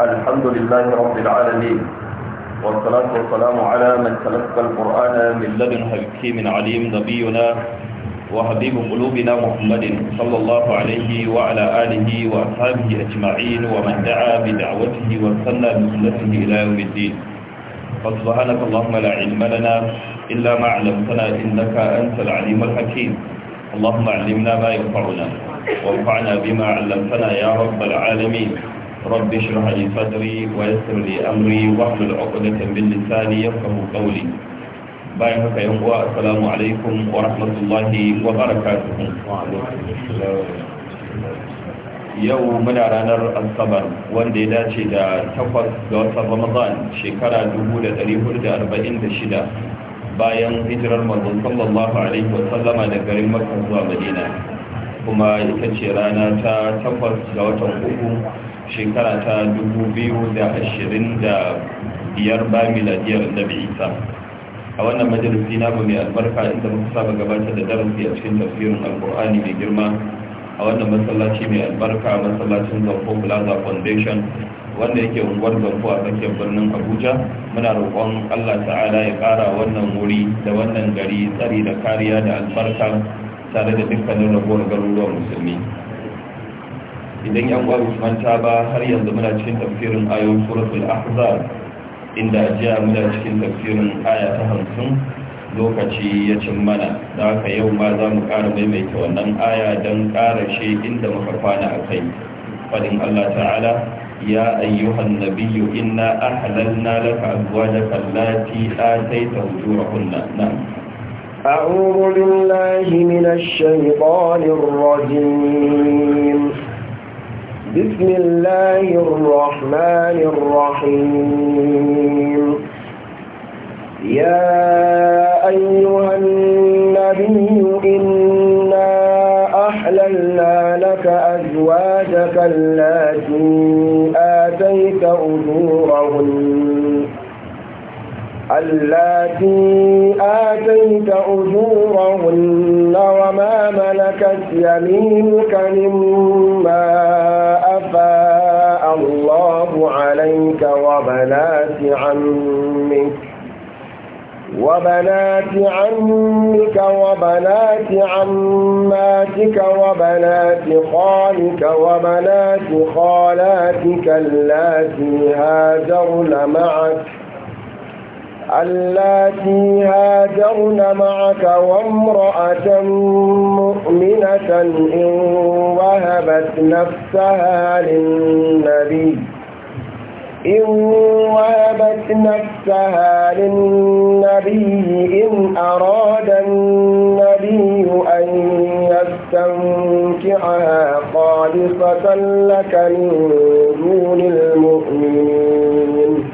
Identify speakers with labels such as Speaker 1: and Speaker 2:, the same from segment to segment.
Speaker 1: الحمد لله رب العالمين والصلاة والسلام على من تلقى القرآن من لدن حكيم عليم نبينا وحبيب قلوبنا محمد صلى الله عليه وعلى آله وأصحابه أجمعين ومن دعا بدعوته وسنى بسنته إلى يوم الدين فسبحانك اللهم لا علم لنا إلا ما علمتنا إنك أنت العليم الحكيم اللهم علمنا ما ينفعنا وانفعنا بما علمتنا يا رب العالمين رب اشرح لي صدري ويسر لي امري واحلل عقدة من لساني يفقه قولي باي هكا يوم السلام عليكم ورحمة الله وبركاته yau muna ranar asabar wanda ya dace da takwas ga watan ramadan shekara 1446 bayan hijirar manzon sallallahu alaihi wasallama da garin makka zuwa madina kuma ita ce rana ta takwas ga watan uku shekara ta 2025 ba miladiyar bai isa a wannan majalisi na mai albarka inda muka saba gabatar da darasi a cikin tafsirin alkur'ani mai girma a wannan masallaci mai albarka masallacin zanfo plaza foundation wanda yake unguwar zanfo a tsakiyar birnin abuja muna roƙon allah ta'ala ya ƙara wannan wuri da wannan gari tsari da kariya da albarka tare da dukkanin ragowar garuruwan musulmi idan yan uwa manta ba har yanzu muna cikin tafsirin ayoyin suratul ahzab inda jiya muna cikin tafsirin aya ta hamsin lokaci ya cin mana da haka yau ma za mu ƙara maimaita wannan aya don ƙara shi inda muka kwana a kai faɗin allah ta'ala ya ayyuhan nabiyyu inna ahlalna laka azwajaka allati ataita ujurahunna na'am
Speaker 2: أعوذ بالله من الشيطان الرجيم بسم الله الرحمن الرحيم يا أيها النبي إنا أحللنا لك أزواجك التي آتيت أجورهن التي آتيت أجورهن وما ملكت يمينك مما عليك وبنات عمك وبنات عمك وبنات عماتك وبنات خالك وبنات خالاتك اللاتي هاجرن معك اللاتي هاجرن معك وامرأة مؤمنة إن وهبت نفسها للنبي إن وابت نفسها للنبي إن أراد النبي أن يستنكعها خالصة لك من دون المؤمنين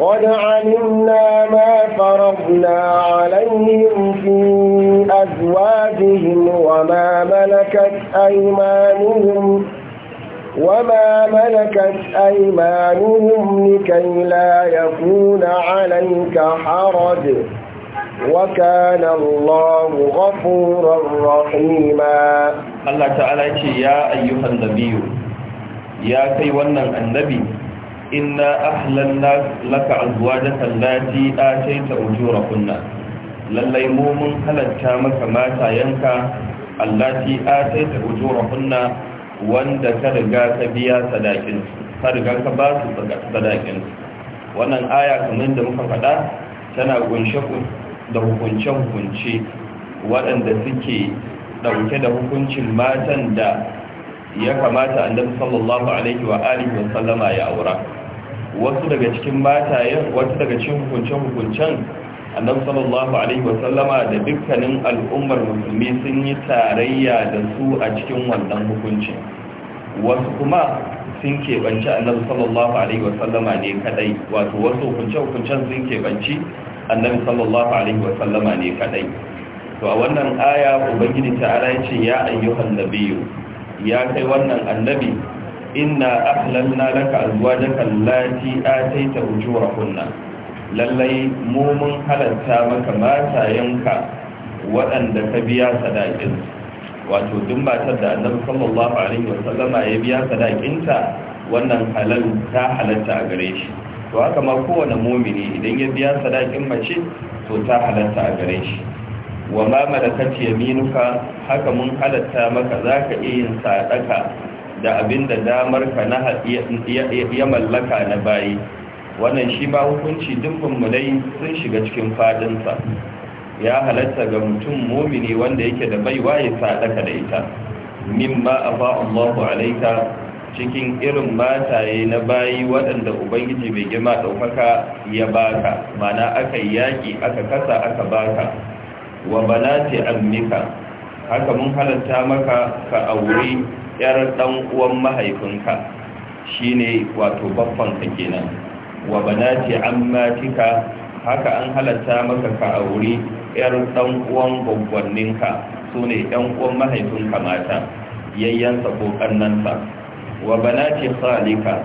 Speaker 2: قد علمنا ما فرضنا عليهم في أزواجهم وما ملكت أيمانهم وما ملكت أيمانهم لكي لا يكون عليك حرج وكان الله غفورا رحيما
Speaker 1: الله تعالى يا أيها النبي يا كيوانا النبي إنا أحللنا لك أزواجك التي آتيت أجوركن lallai mu mun halatta maka matayenka allati ataita ujurahunna wanda ka riga ka biya sadakin ka riga ka ba su sadakin wannan aya kamar da muka faɗa tana gunshe da hukunce-hukunce waɗanda suke ɗauke da hukuncin matan da ya kamata annabi sallallahu alaihi wa alihi wa sallama ya aura wasu daga cikin matayen wasu daga cikin hukuncen hukuncen annabi sallallahu alaihi wasallama da dukkanin al'ummar musulmi sun yi tarayya da su a cikin wannan hukunci wasu kuma sun keɓanci annabi sallallahu alaihi wasallama ne kadai wato wasu hukunce-hukuncen sun keɓanci annabi sallallahu alaihi wasallama ne kadai to a wannan aya ubangiji ta'ala ya ce ya ayyuhan nabiyyu ya kai wannan annabi inna ahlalna laka azwajaka allati ataita ujurahunna lallai mu mun halarta maka matayenka waɗanda ka biya sadakin wato duk matar da annabi sallallahu alaihi wa sallama ya biya sadakinta wannan halal ta halarta a gare shi to haka ma kowane mumini idan ya biya sadakin mace to ta halarta a gare shi wa ma malakat yaminuka haka mun halarta maka zaka iya yin sadaka da abinda damar ka na ya mallaka na bayi wannan shi ba hukunci dukkan mulai sun shiga cikin fadinsa ya halatta ga mutum mumini wanda yake da baiwa ya sadaka da ita mimma afa Allahu alaika cikin irin mataye na bayi waɗanda ubangiji mai gima ɗaukaka ya baka mana aka yaƙi aka kasa aka baka wa banati amika haka mun halatta maka ka aure 'yar dan uwan mahaifinka shine wato baffanka kenan wa banati ammatika haka an halatta maka ka aure yar dan uwan gwaggwanninka sune ɗan uwan ka mata yayyansa ko kannansa wa banati khalika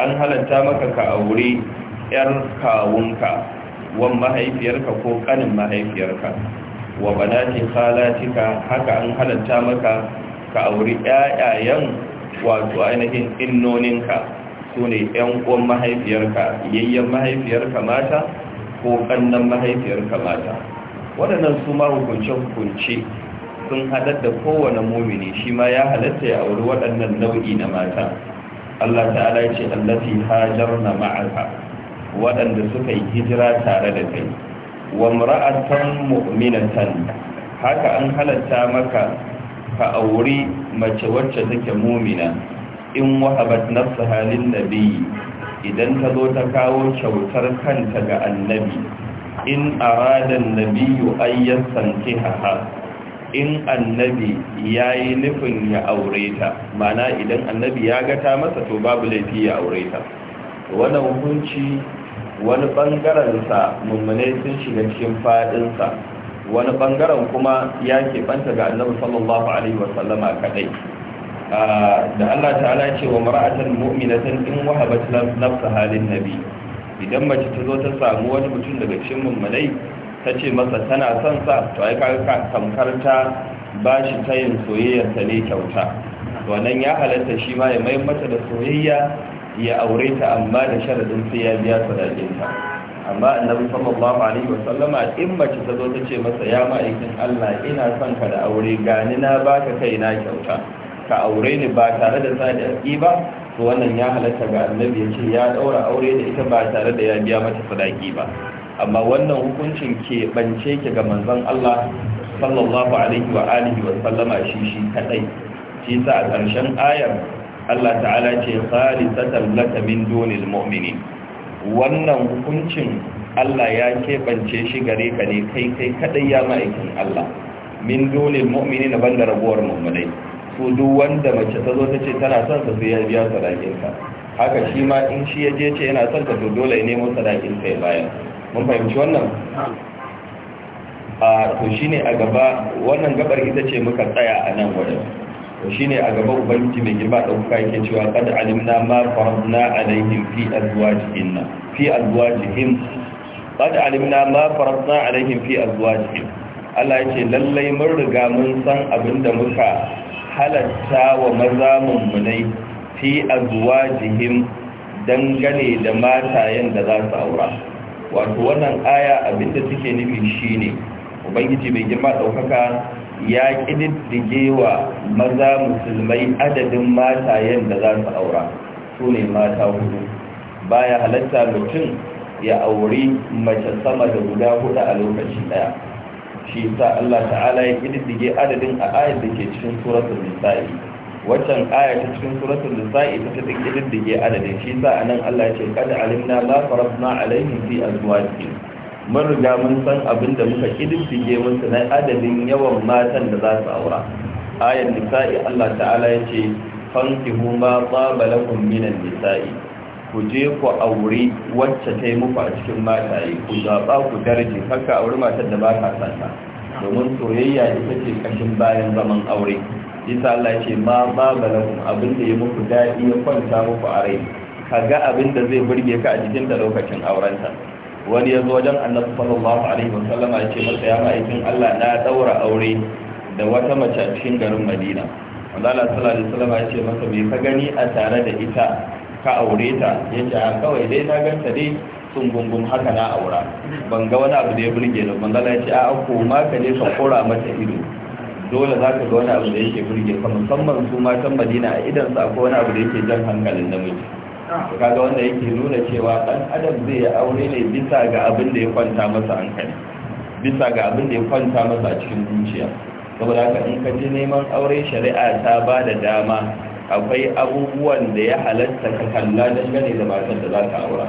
Speaker 1: an halatta maka ka aure yar kawunka wan mahaifiyarka ko kanin mahaifiyarka wa banati khalatika haka an halatta maka ka aure ƴaƴayen wato ainihin innoninka su ne ‘yan uwan mahaifiyarka yayyen mahaifiyarka mata ko ƙannan mahaifiyarka mata waɗannan su ma hukunce-hukunce sun haɗar da kowane mumini shi ma ya halatta ya auri waɗannan nau'i na mata Allah ta'ala ya ce allati hajarna ma'aka waɗanda suka yi hijira tare da kai wa mar'atan mu'minatan haka an halatta maka ka auri mace wacce take mumina in wahabat nafsaha lin nabi idan ta zo ta kawo kyautar kanta ga annabi in aradan nabiyu ayyan sankihaha in annabi ya yi nufin ya aure ta mana idan annabi ya gata masa to babu laifi ya aure ta wannan hukunci wani sa mummune sun shiga cikin fadinsa wani bangaren kuma ya keɓanta ga annabi sallallahu alaihi wasallama kadai da Allah ta'ala ce wa mara'atan mu'minatan in wahabat nafsa halin nabi idan mace ta zo ta samu wani mutum daga cikin mummunai ta ce masa tana son sa to ai ka tamkar ta ba shi tayin soyayyar ta ne kyauta wannan ya halatta shi ma ya mai mata da soyayya ya aure ta amma da sharadin sai ya biya sadakin ta amma annabi sallallahu alaihi wasallama in mace ta zo ta ce masa ya ma'aikin Allah ina son ka da aure gani na baka kaina kyauta ka aure ni ba tare da sa da ba to wannan ya halatta ga annabi ya ce ya daura aure da ita ba tare da ya biya mata sadaki ba amma wannan hukuncin ke bance ki ga manzon Allah sallallahu alaihi wa alihi wa sallama shi shi kadai shi sa a ƙarshen ayar Allah ta'ala ce khalisatan laka min dunil mu'minin wannan hukuncin Allah ya keɓance shi gare ka ne kai kai kadai ya ma'aikin Allah min mumini mu'minin banda raguwar mu'minai to duk wanda mace ta zo ta ce tana son sa sai ya biya sadakin haka shi ma in shi ya je ce yana son ka to dole ya nemo sadakin ka ya bayar mun fahimci wannan a to shine a gaba wannan gabar ita ce muka tsaya a nan wajen to shine a gaba ubangiji mai girma da kuka yake cewa kad alimna ma faradna alaihim fi azwajihim fi azwajihim qad alimna ma faradna alaihim fi azwajihim Allah ya ce lallai mun riga mun san abinda muka halatta wa maza mummunai fi azwajihim dangane da matayen da za su aura wato wannan aya abinda take nufi shine ubangiji mai girma daukaka ya ƙididdige wa maza musulmai adadin matayen da za su aura su mata hudu baya halatta mutum ya auri mace sama da guda hudu a lokaci ɗaya. shi sa Allah ta'ala ya kididdige adadin a ayar da ke cikin suratul nisa'i waccan aya ta cikin suratul nisa'i ta take kididdige adadin shi sa anan Allah ya ce kad alimna la farasna alaihim fi azwajihim mun riga mun san abin da muka kididdige musu na adadin yawan matan da za su aura ayar nisa'i Allah ta'ala ya ce fankihu ma tsaba lakum minan nisa'i ku je ku aure wacce ta yi muku a cikin mataye ku zaɓa ku darje haka wuri matar da ba ka sata domin soyayya ita ce kashin bayan zaman aure isa Allah ce ma ba kuma abin da ya muku daɗi ya kwanta muku a rai ka ga abin da zai burge ka a jikin da lokacin aurenta wani ya zo wajen annabi sallallahu alaihi wa sallam ya ce masa ya ma'aikin Allah na daura aure da wata mace a cikin garin Madina Allah sallallahu alaihi wa sallam ya ce masa me ka gani a tare da ita ka aure ta yace a kawai dai na ganta dai sun gungun haka na aura ban ga wani abu da ya burge da ga na ce a ma ka ne ka kora mata ido dole za ka ga wani abu da yake burge ka musamman su matan madina a idan sa akwai wani abu da yake jan hankalin namiji ga wanda yake nuna cewa dan adam zai yi aure ne bisa ga abin da ya kwanta masa hankali bisa ga abin da ya kwanta masa cikin zuciya saboda haka in ka je neman aure shari'a ta ba da dama akwai abubuwan da ya halatta ka kalla dangane da matan da za ka aura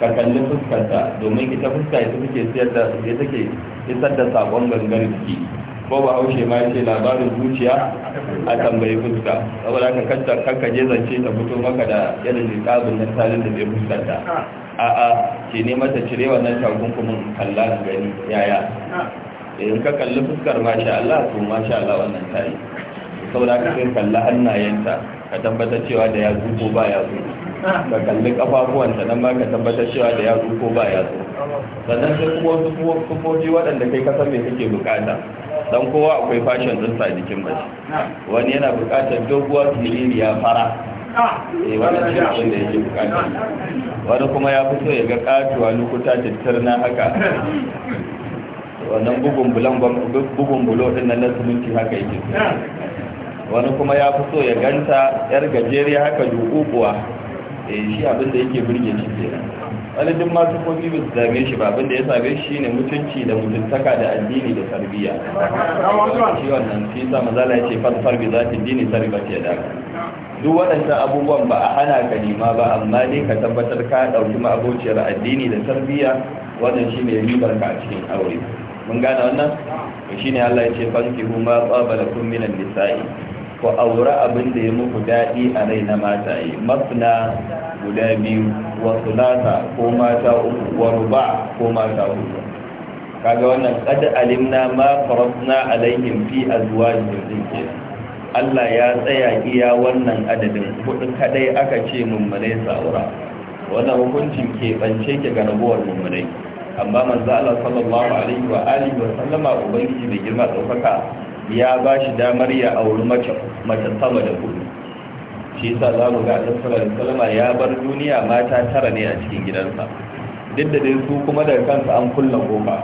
Speaker 1: ka kalli fuskarta domin ita fuska ita take siyar da ita take isar da sakon gangar jiki ko ba haushe ma yace labarin zuciya a tambayi fuska saboda ka kanta kanka je zance ta fito maka da irin litabin na talin da bai fuskarta A'a. Ke ne mata cire wannan takunkumin kalla gani yaya in ka kalli fuskar masha Allah to masha Allah wannan tayi saboda ka sai kalla hannayenta ka tabbatar cewa da yatsu ko ba yatsu ka kalli kafafuwanta nan ma ka tabbatar cewa da yatsu ko ba yatsu sannan sai kuma wasu kufofi waɗanda kai kasar me kake bukata dan kowa akwai fashion din sa jikin mace wani yana bukatar doguwa siririya fara eh wani shi abin da yake bukata wani kuma ya fi so ya ga katuwa lokuta tattarna haka wannan bugun bulan bugun bulo din nan na suminti haka yake wani kuma ya fi so ya ganta yar gajeriya haka kuwa? eh shi abin da yake burge shi kenan wani duk masu kofi ba su dame shi ba abin da ya same shi ne mutunci da mutuntaka da addini da tarbiyya shi wannan shi sa mazala ya ce fasfar bi za ta dini sarba ce da duk waɗannan abubuwan ba a hana ka nima ba amma ne ka tabbatar ka ɗauki ma'abociyar addini da tarbiyya wannan shi ne ribar ka a cikin aure mun gane wannan shi ne Allah ya ce fanki huma tsabala kun minan nisa'i ku aura abin da ya muku daɗi a rai na mataye masna guda biyu wa sulata ko mata uku wa ruba ko mata uku kaga wannan qad alimna ma farasna alaihim fi azwajihim din ke. Allah ya tsaya iya wannan adadin kudin kadai aka ce mummunai saura wannan hukuncin ke bance ke ga rabuwar mummunai amma manzo Allah sallallahu alaihi wa alihi wa sallama ubangiji bai girma daukaka ya ba shi damar ya auri mace mace sama da hudu shi yasa zamu ga Allah sallallahu alaihi sallama ya bar duniya mata tara ne a cikin gidansa duk da dai su kuma daga kansa an kulla goma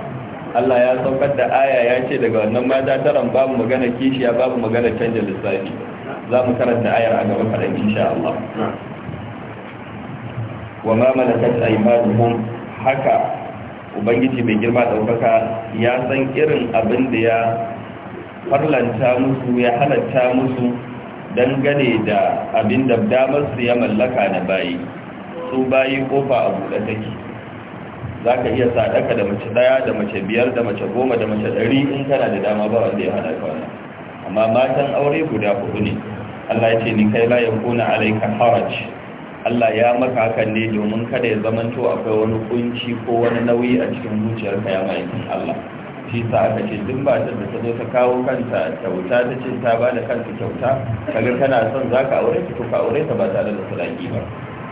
Speaker 1: Allah ya saukar da aya ya ce daga wannan mata taran babu magana kishiya babu magana canja lissafi za mu karanta ayar a gaba kaɗan insha Allah wa ma malakat aymanuhum haka ubangiji mai girma ɗaukaka ya san irin abin da ya farlanta musu ya halatta musu dangane da abin da su ya mallaka na bayi su bayi kofa a buɗe take za ka iya sadaka da mace ɗaya da mace biyar da mace goma da mace ɗari in kana da dama ba wanda ya hana kawai amma matan aure guda huɗu ne allah ya ce ni kai la kuna alaika haraj Allah ya maka hakan ne domin kada ya zamanto akwai wani kunci ko wani nauyi a cikin zuciyarka ya mai Allah shi sa aka ce duk ba ta ta zo ta kawo kanta kyauta ta ce ta ba da kanta kyauta kaga kana son za ka aure ta ka aure ta ba tare da sulaki ba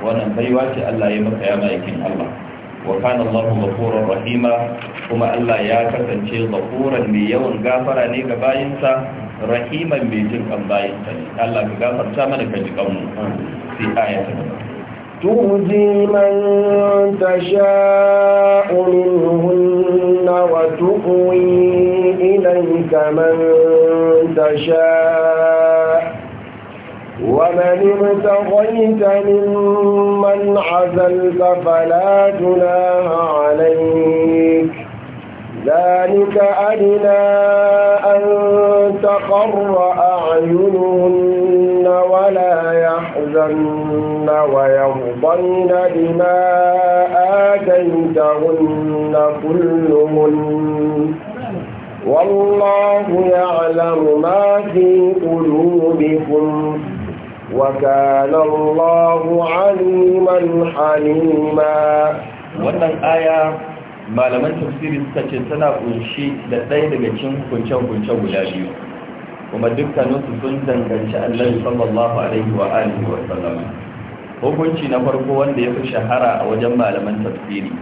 Speaker 1: wannan baiwa ce Allah ya maka ya mai Allah wa kana Allahu ghafurur rahima kuma Allah ya kasance ghafuran mai yawan gafara ne ga bayinsa rahiman mai jin kan bayinsa Allah ka gafarta mana ka ji kanmu في آية
Speaker 2: تؤذي من تشاء منهن وتؤوي إليك من تشاء ومن ابتغيت ممن عزلت فلا جناح عليك ذلك أدنى أن تقر أعينهن ولا يحزن ويرضين بما آتيتهن كلهن والله يعلم ما في قلوبكم وكان الله عليما حليما wannan aya
Speaker 1: malaman tafsiri suka ce tana kunshi da ɗaya daga cikin kunce-kunce guda biyu kuma dukkaninsu sun danganci annabi sallallahu alaihi wa alihi wa sallam hukunci na farko wanda ya fi shahara a wajen malaman tafsiri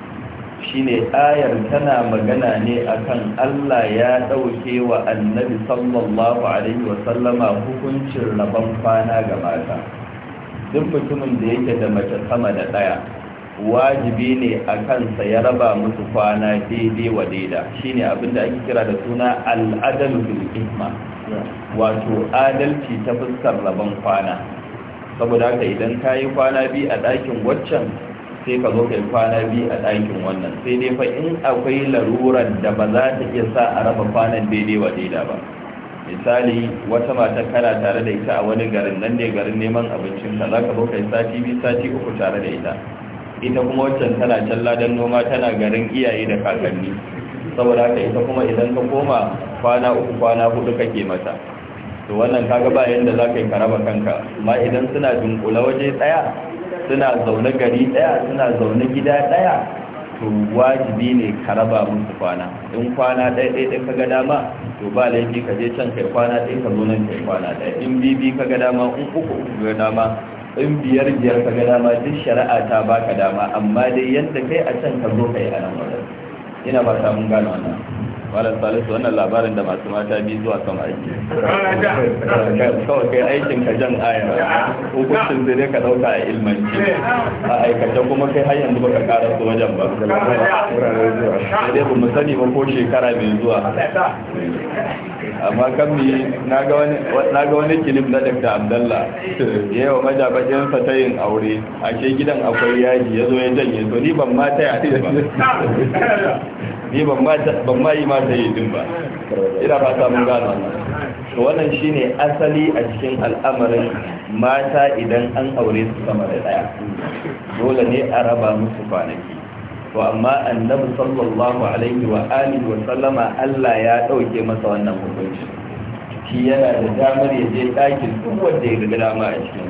Speaker 1: shine ayar tana magana ne akan Allah ya dauke wa annabi sallallahu alaihi wa sallama hukuncin rabon kwana ga mata duk mutumin da yake da mace sama da daya wajibi ne a kansa ya raba musu kwana daidai wa daida shine abinda ake kira da suna al'adalu bil ihma wato adalci ta fuskar rabon kwana saboda haka idan ka yi kwana biyu a ɗakin waccan sai ka zo ka yi kwana biyu a ɗakin wannan sai dai fa in akwai larurar da ba za ta iya sa a raba kwanan daidai wa daida ba misali wata mata kana tare da ita a wani garin nan ne garin neman abincin ka za ka zo ka yi sati biyu sati uku tare da ita ita kuma waccan tana can ladan noma tana garin iyaye da kakanni saboda haka ita kuma idan ka koma kwana uku kwana hudu kake mata to wannan kaga ba yanda za ka yi karaba kanka amma idan suna dunkula waje daya suna zaune gari daya suna zaune gida daya to wajibi ne karaba musu kwana in kwana daya ɗaya ɗaya kaga dama to ba laifi ka je can kai kwana ɗaya ka zo nan kai kwana daya in bibi kaga dama in uku uku kaga dama in biyar biyar kaga dama duk shari'a ta baka dama amma dai yadda kai a can ka zo kai a nan wajen ina ba ta mun gane wannan malam salisu wannan labarin da masu mata biyu zuwa sama aiki kawai kai aikin ka jan aya hukuncin zai ka dauka a ilmanci a aikace kuma kai har yanzu baka kara su wajen ba sai dai bamu sani ba ko shekara mai zuwa
Speaker 3: amma kan mi
Speaker 1: na ga wani kilim na dr abdallah ya yi wa majabajensa ta yin aure ashe gidan akwai yaji ya zo ya janye to ni ban mata ya ce ba ni ban ma yi ma ta yi din ba ina ba mun gano to wannan shine asali a cikin al'amarin mata idan an aure su sama da daya dole ne a raba musu kwanaki to amma annabi sallallahu alaihi wa alihi wa sallama Allah ya dauke masa wannan hukunci shi yana da damar ya je ɗakin duk wanda ya ga dama a cikin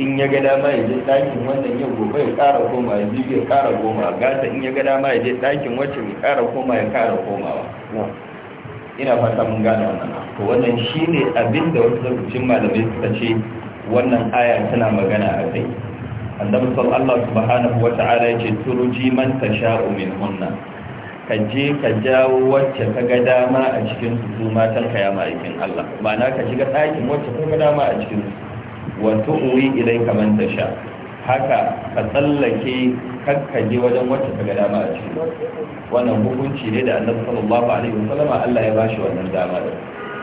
Speaker 1: in ya ga dama ya je ɗakin wannan yau gobe ya ƙara koma ya jibi ya ƙara koma gasa in ya ga dama ya je ɗakin wacce ya ƙara koma ya ƙara komawa ina fata mun gane wannan to wannan ne abin da wasu lokacin malamai suka ce wannan aya tana magana a kai annabi sallallahu subhanahu wata'ala ya ce turuji man tasha'u min hunna ka je ka jawo wacce ka ga dama a cikin su matan ka ya ma'aikin Allah ma'ana ka shiga ɗakin wacce ka ga dama a cikin su wa tu'wi ilayka man tasha haka ka tsallake kakkaje wajen wacce ka ga dama a ciki wannan hukunci ne da annabi sallallahu alaihi wasallam Allah ya bashi wannan dama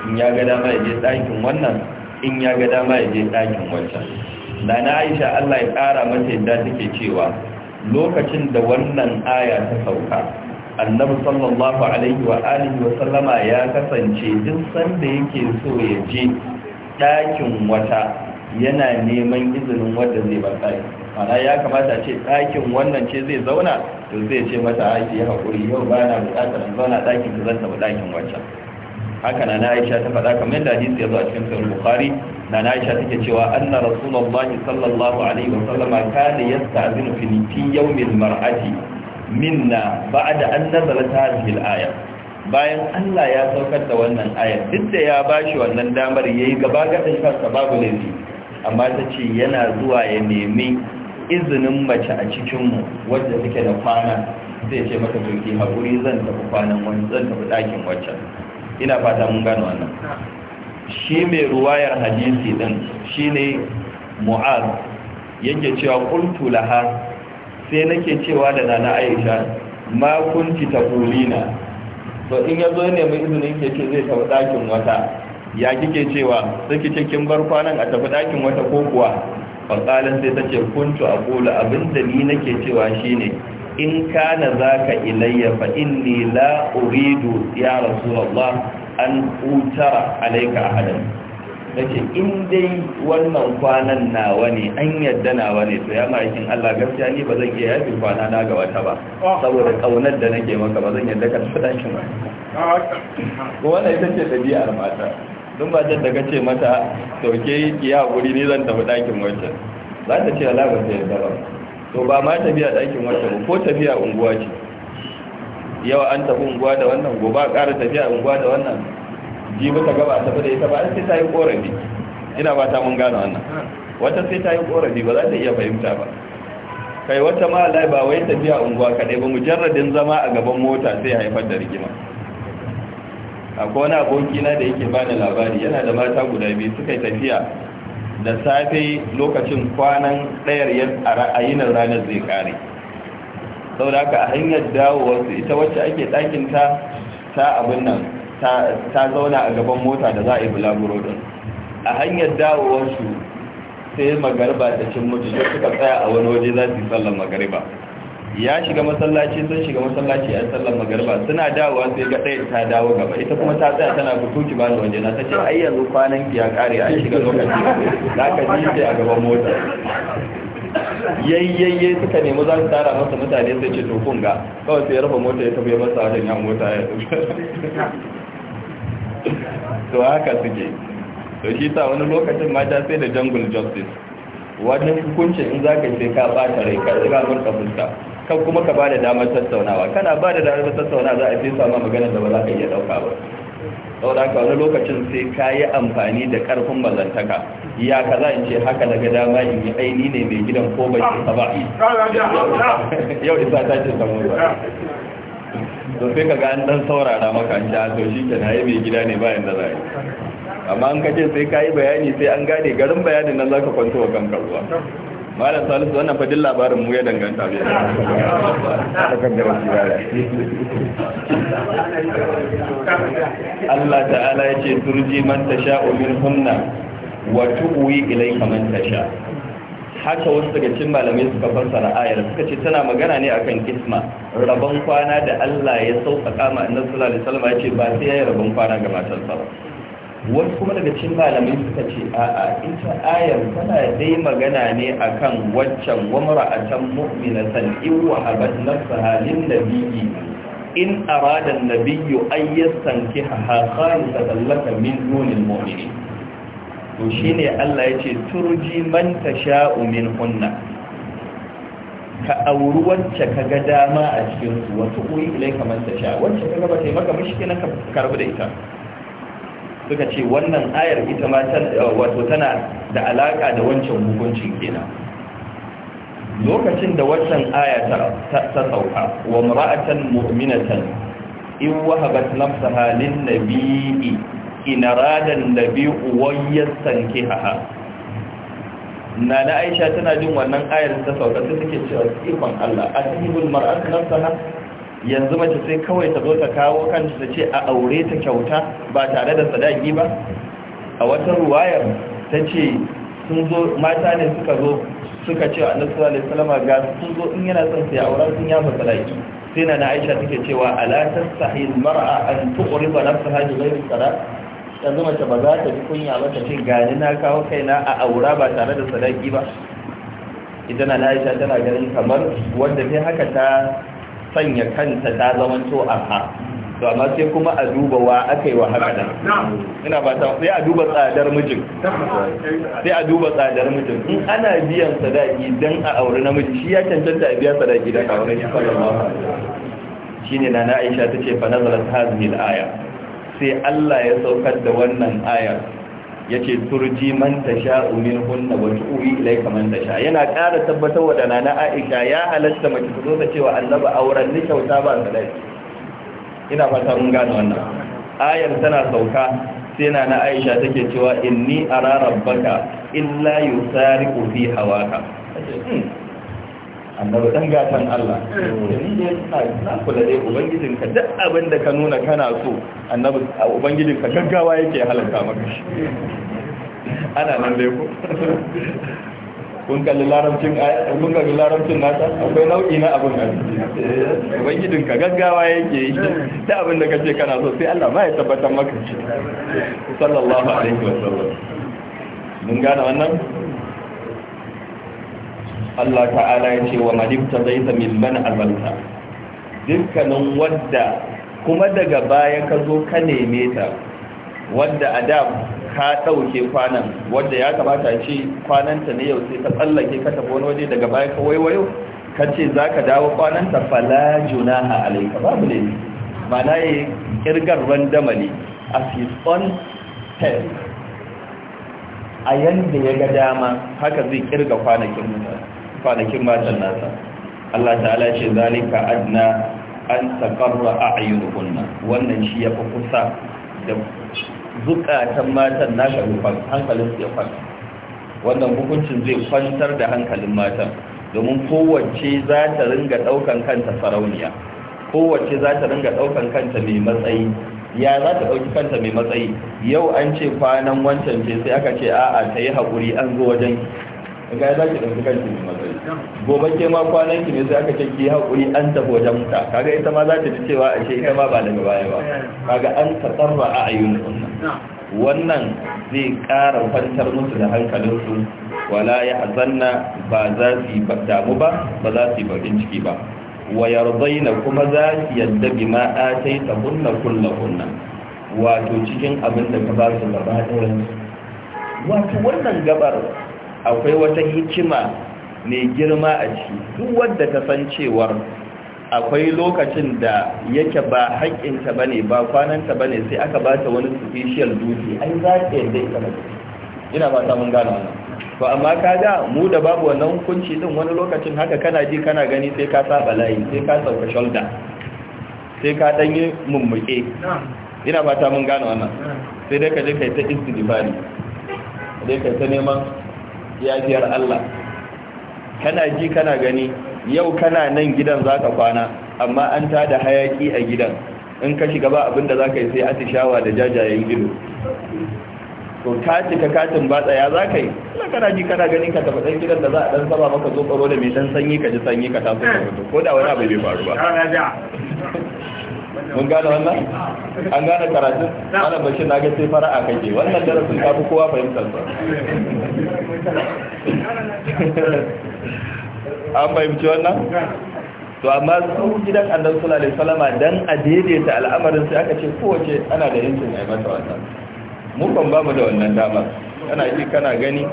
Speaker 1: in ya ga dama ya je ɗakin wannan in ya ga dama ya je ɗakin wancan da na Aisha Allah ya ƙara mata yadda take cewa lokacin da wannan aya ta sauka annabi sallallahu alaihi wa alihi wa sallama ya kasance duk sanda yake so ya je ɗakin wata yana neman izinin wanda zai ba tsari mana ya kamata ce ɗakin wannan ce zai zauna to zai ce mata aiki ya haƙuri yau ba na buƙatar in zauna ɗakin ka zanta ba ɗakin wancan haka na Aisha ta faɗa kamar yadda hadisi ya zo a cikin sahih Bukhari na Aisha take cewa anna Rasulullahi sallallahu alaihi wa sallama kana yasta'zinu fi fi yawmil mar'ati minna ba'da an nazalat hadhihi al-aya bayan Allah ya saukar da wannan aya, duk da ya bashi wannan damar yayi gaba gadan kansa babu laifi amma ta ce yana zuwa ya nemi izinin mace a cikinmu wadda suke da kwana zai ce mata doki haƙuri zan tafi kwanan wani zan tafi ɗakin waccan ina fata mun gano wannan shi mai ruwayar hadisi ɗin shi ne mu'az yake cewa ƙultu laha sai nake cewa da nana aisha ma kunci ta kulina to in ya zo nemi izinin ke ce zai tafi ɗakin wata ya kike cewa sai ce kin bar kwanan a tafi dakin wata ko kuwa faƙalar sai ta ce kuntu a kula abinda ni nake cewa shine in kana za ka ilayya fa inni la uridu ya rasulullah an utara alaika ahadan nake in dai wannan kwanan nawa ne an yadda nawa ne to ya ma'aikin Allah gaskiya ni ba zan iya yafi kwana na ga wata ba saboda kaunar da nake maka ba zan yadda ka tafi dakin ba wannan ita ce dabi'ar mata don ba jan da ce mata dauke ya wuri ne zan tafi ɗakin wancan za ta ce ala ba ta ba to ba ma tafiya ɗakin wancan ko tafiya unguwa ce yau an tafi unguwa da wannan gobe ƙara tafiya unguwa da wannan jibi ta gaba tafi da ita ba sai ta yi ƙorafi. ina ba ta mun gane wannan wata sai ta yi ƙorafi ba za ta iya fahimta ba kai wata ma ba wai tafiya unguwa kaɗai ba mujarradin zama a gaban mota sai haifar da rigima akwai wani abokina da yake bani labari yana da mata guda biyu suka tafiya da safe lokacin kwanan ɗayar a ra'ayinar ranar zai kare sau da aka a hanyar dawowarsu ita wacce ake ɗakinta ta abin nan ta zauna a gaban mota da za a yi bulaguro din a hanyar dawowarsu sai magariba ta cin mutu sai suka tsaya a wani waje za su yi sallan magariba ya shiga masallaci sun shiga masallaci a sallar magarba suna dawowa sai ga ɗaya ta dawo gaba ita kuma ta tsaya tana fito ki bani waje na tace ai yanzu kwanan ki ya kare a shiga lokaci za ka ji sai a gaban mota yayyayye suka nemi za su tara masa mutane sai ce to kun ga kawai sai ya rufe mota ya tafi masa wajen ya mota ya to haka suke to shi ta wani lokacin mata sai da jungle justice wannan hukuncin in za ka ce ka ɓata rai ka tsirar ka fuska kan kuma ka bada damar tattaunawa kana bada damar tattaunawa za a fi sama magana da ba za ka iya dauka ba saboda haka wani lokacin sai ka yi amfani da karfin mazantaka ya ka za in ce haka daga dama in yi aini ne mai gidan ko bai ke saba yau isa ta ce samu ba to sai ka ga an dan saurara maka an ja to shi ke na yi mai gida ne bayan da za yi amma an kace sai ka yi bayani sai an gane garin bayanin nan za ka kwanto wa kanka ruwa malam salisu wannan fadin labarin mu ya danganta bai Allah ta'ala ya ce turji man tasha min hunna wa tuwi ilayka man tasha haka wasu daga cikin malamai suka fassara ayar suka ce tana magana ne akan kisma rabon kwana da Allah ya sauƙaƙa ma annabi sallallahu alaihi wasallam ya ce ba sai ya rabon kwana ga sa ba wasu kuma daga cikin malamai suka ce a'a ita ayar tana dai magana ne akan waccan wamra a can wa iwa abad sahalin da biyi in arada an-nabiyyu an yastankiha ha da laka min dunil mu'mini to ne Allah yace turji man sha'u min hunna ka auri wacce ka ga dama a cikinsu su ƙuri ilai kamar ta sha, wacce ka gaba ba mashi maka ka karbi da ita suka ce wannan ayar ita ma wato tana da alaka da wancan hukuncin kenan lokacin da wannan aya ta sauka wa mara'atan mu'minatan in wahabat nafsaha lin nabiyyi in arada an-nabiyyu wayyastankiha na na Aisha tana jin wannan ayar ta sauka sai take cewa ikon Allah atihibul mar'atu nafsaha yanzu mace sai kawai ta zo ta kawo kanta ta ce a aure ta kyauta ba tare da sadaki ba a wata ruwayar ta ce sun zo mata ne suka zo suka ce wa annabi sallallahu alaihi wasallam ga sun zo in yana son sai aure sun ba sadaki sai na Aisha take cewa ala tasahi mar'a an tuqriba nafsaha bi ghairi sara yanzu mace ba za ta ji kunya ba ta ce gani na kawo kaina a aura ba tare da sadaki ba idan na Aisha tana ganin kamar wanda sai haka ta sanya kanta ta a arha to amma sai kuma a duba wa aka yi wa haka da ina ba ta sai a duba tsadar mijin
Speaker 3: sai
Speaker 1: a duba tsadar mijin in ana biyan sadaki dan a aure namiji shi ya cancanta a biya sadaki da aure shi sallallahu
Speaker 3: alaihi
Speaker 1: shine nana Aisha tace fa nazalat hadhihi al-aya sai Allah ya saukar da wannan ayar yace turji man sha min hunna wa tu'i ilayka man sha. yana ƙara tabbatar wa nana Aisha ya halatta mace ta zo ta cewa annaba auren ni kyauta ba sadaki ina fata mun gane wannan ayar tana sauka sai nana Aisha take cewa inni ara rabbaka illa yusariqu fi hawaka hmm, annabi dan gatan Allah yanzu na kula dai ubangijin ka duk abin da ka nuna kana so annabi ubangijin ka gaggawa yake halarta maka shi ana nan dai ko kun kalli larabcin kun kalli larabcin nata akwai nau'i na abin da ubangijin ka gaggawa yake yi duk abin da kace kana so sai Allah ba ya tabbatar maka shi sallallahu alaihi wasallam mun gane wannan Allah ta'ala ya ce wa malibta zai min man azalta dukkanin wadda kuma daga baya ka zo ka neme ta wadda a da ka ɗauke kwanan wadda ya kamata ce kwananta ne yau sai ka tsallake ka tafi wani waje daga baya ka waiwayo ka ce za ka dawo kwananta fala junaha alaika babu ne mana yi kirgar randama ne a fiskon head a yadda ya ga dama haka zai kirga kwanakin mutane kwanakin matan nasa Allah ta'ala ce zalika adna an taqarra a'yunuhunna wannan shi ya fi kusa da zukatan matan naka rufan hankalin su ya kwanta wannan hukuncin zai kwantar da hankalin matan domin kowace za ta ringa daukan kanta sarauniya kowace za ta ringa daukan kanta mai matsayi ya za ta ɗauki kanta mai matsayi yau an ce kwanan wancan ce sai aka ce a'a ta yi haƙuri an zo wajen ga ya zaki ɗauki kanki ne matsayi gobe ke ma kwanan ki ne sai aka ce ki haƙuri an tafi wajen ka kaga ita ma za ta ji cewa ashe ita ma ba daga baya ba kaga an tasarra a ayyuna wannan zai ƙara kwantar musu da hankalin hankalinsu wala ya hazanna ba za su damu ba ba za su yi bakin ciki ba wa yardaina kuma za su yadda bi ma kunna kunna kunna. wato cikin abin da ka ba su gaba ɗaya
Speaker 3: wato wannan
Speaker 1: gabar akwai wata hikima mai girma a ciki duk wanda ta san cewar akwai lokacin da yake ba haƙƙinta bane ba kwananta bane sai aka ba ta wani special duty ai za ta yadda ita ba ina ba ta mun gane wannan to amma kaga mu da babu wannan hukunci din wani lokacin haka kana ji kana gani sai ka saba layi sai ka sauka shoulder sai ka dan yi mummuke ina ba ta mun gane wannan sai dai ka je kai ta istighfari dai kai ta neman biyar Allah kana ji kana gani yau kana nan gidan za ka kwana amma an ta da hayaki a gidan in ka shiga ba abinda ka yi sai atishawa da jajayen gido to ka cika katin batsa ya ka yi kana ji kana gani ka tafi dan gidan da za a dan saba maka zo karo da mai dan sanyi ka ji sanyi ka tafi ko da wani abu bai faru
Speaker 2: ba
Speaker 3: mun gane wannan an gane karatu ana bashi na ga
Speaker 1: sai fara'a ke wannan darasin ka fi kowa fahimtar sa an fahimci wannan to amma su gidan annabi sallallahu alaihi wasallama dan a daidaita al'amarin sai aka ce kowace ana da yancin mai mata wannan mu kan ba mu da wannan dama kana ji kana gani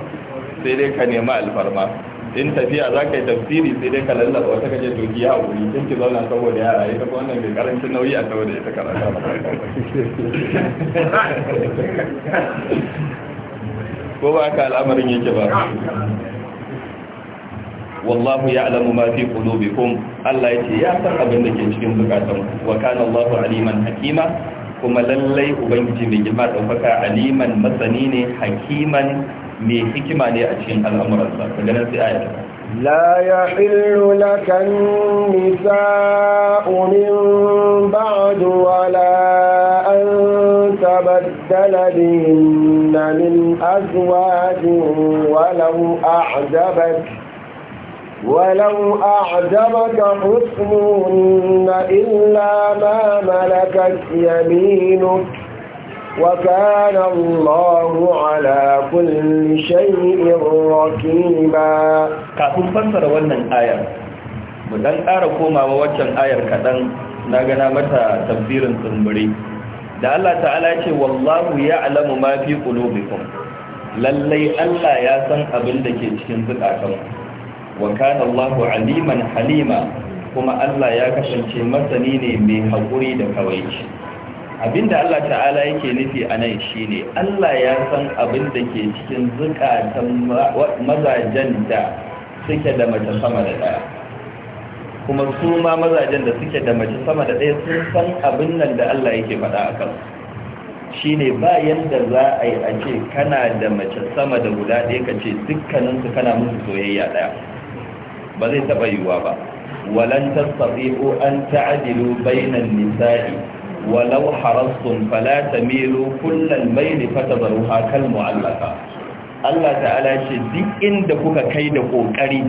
Speaker 1: sai dai ka nemi alfarma in tafiya za ka yi tafsiri sai dai ka lallaba wata kaje doki ya wuri kin ki zauna saboda yara ita ko wannan bai karancin nauyi a saboda ita karanta ko ba ka al'amarin yake ba wallahu ya'lamu ma fi qulubikum Allah yake ya san abin da ke cikin zukatan wa kana Allahu aliman hakima kuma lallai ubangiji mai girma ɗaukaka aliman matsani ne hakiman mai hikima ne a cikin al'amuransa ku ganin sai a
Speaker 2: la ya hillu lakan nisa umin ba'du an tabaddala bihinna min azwajin walau a'jabat ولو أعجبك حسنهن إلا ما ملكت يمينك وكان الله على كل شيء رقيبا كافون فسر
Speaker 1: wannan ayar mu dan ƙara komawa waccan ayar kaɗan, na gana mata tafsirin tsumbure da Allah ta'ala ce wallahu ya'lamu ma fi qulubikum lallai Allah ya san abin da ke cikin zukatanku wa kana Allahu aliman halima kuma Allah ya kasance masani ne mai haƙuri da kawaici abinda Allah ta'ala yake nufi a nan shine Allah ya san abin da ke cikin zukatan mazajen da suke da mace sama da ɗaya kuma su ma mazajen da suke da mace sama da ɗaya sun san abin nan da Allah yake faɗa a Shi ne ba yanda za a yi a ce kana da mace sama da guda ɗaya ka ce dukkaninsu kana musu soyayya ɗaya ba zai taɓa yiwuwa ba walan tastati'u an ta'dilu bainan nisa'i walau harastum fala tamilu kullal mayl fatadruha kal mu'allaqa Allah ta'ala ce duk inda kuka kai da kokari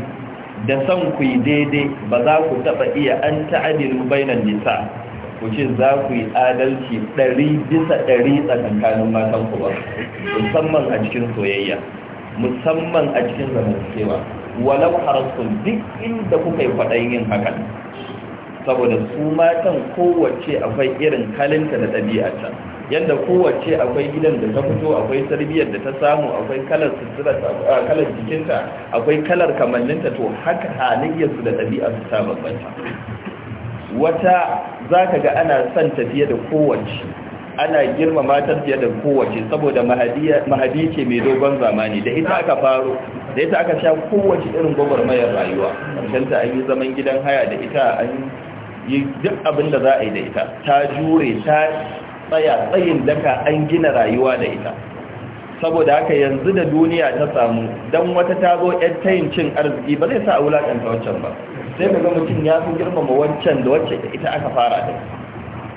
Speaker 1: da san ku yi daidai ba za ku taɓa iya an ta'adilu bainan nisa ku ce za ku yi adalci ɗari bisa ɗari tsakankanin matan ku ba musamman a cikin soyayya musamman a cikin zamantakewa walau harasun duk inda kuka yi kwaɗayin yin hakan saboda su matan kowace akwai irin kalinta da ɗabi'ata; yadda kowace akwai gidan da ta fito akwai tarbiyyar da ta samu akwai kalar kalar jikinta akwai kalar kamanninta to haka halayyarsu da ɗabi'a su ta bambanta wata za ka ga ana son tafiye da kowace ana girmama ta fiye da kowace saboda mahadi ce mai dogon zamani da ita aka faro da ita aka sha kowace irin gwagwarmayar rayuwa ƙarshen ta yi zaman gidan haya da ita an yi duk abin da za a yi da ita ta jure ta tsaya tsayin daka an gina rayuwa da ita saboda haka yanzu da duniya ta samu don wata ta zo tayin cin arziki ba zai sa a wulaƙanta wancan ba sai ka ga mutum ya fi girmama wancan da wacce ita aka fara da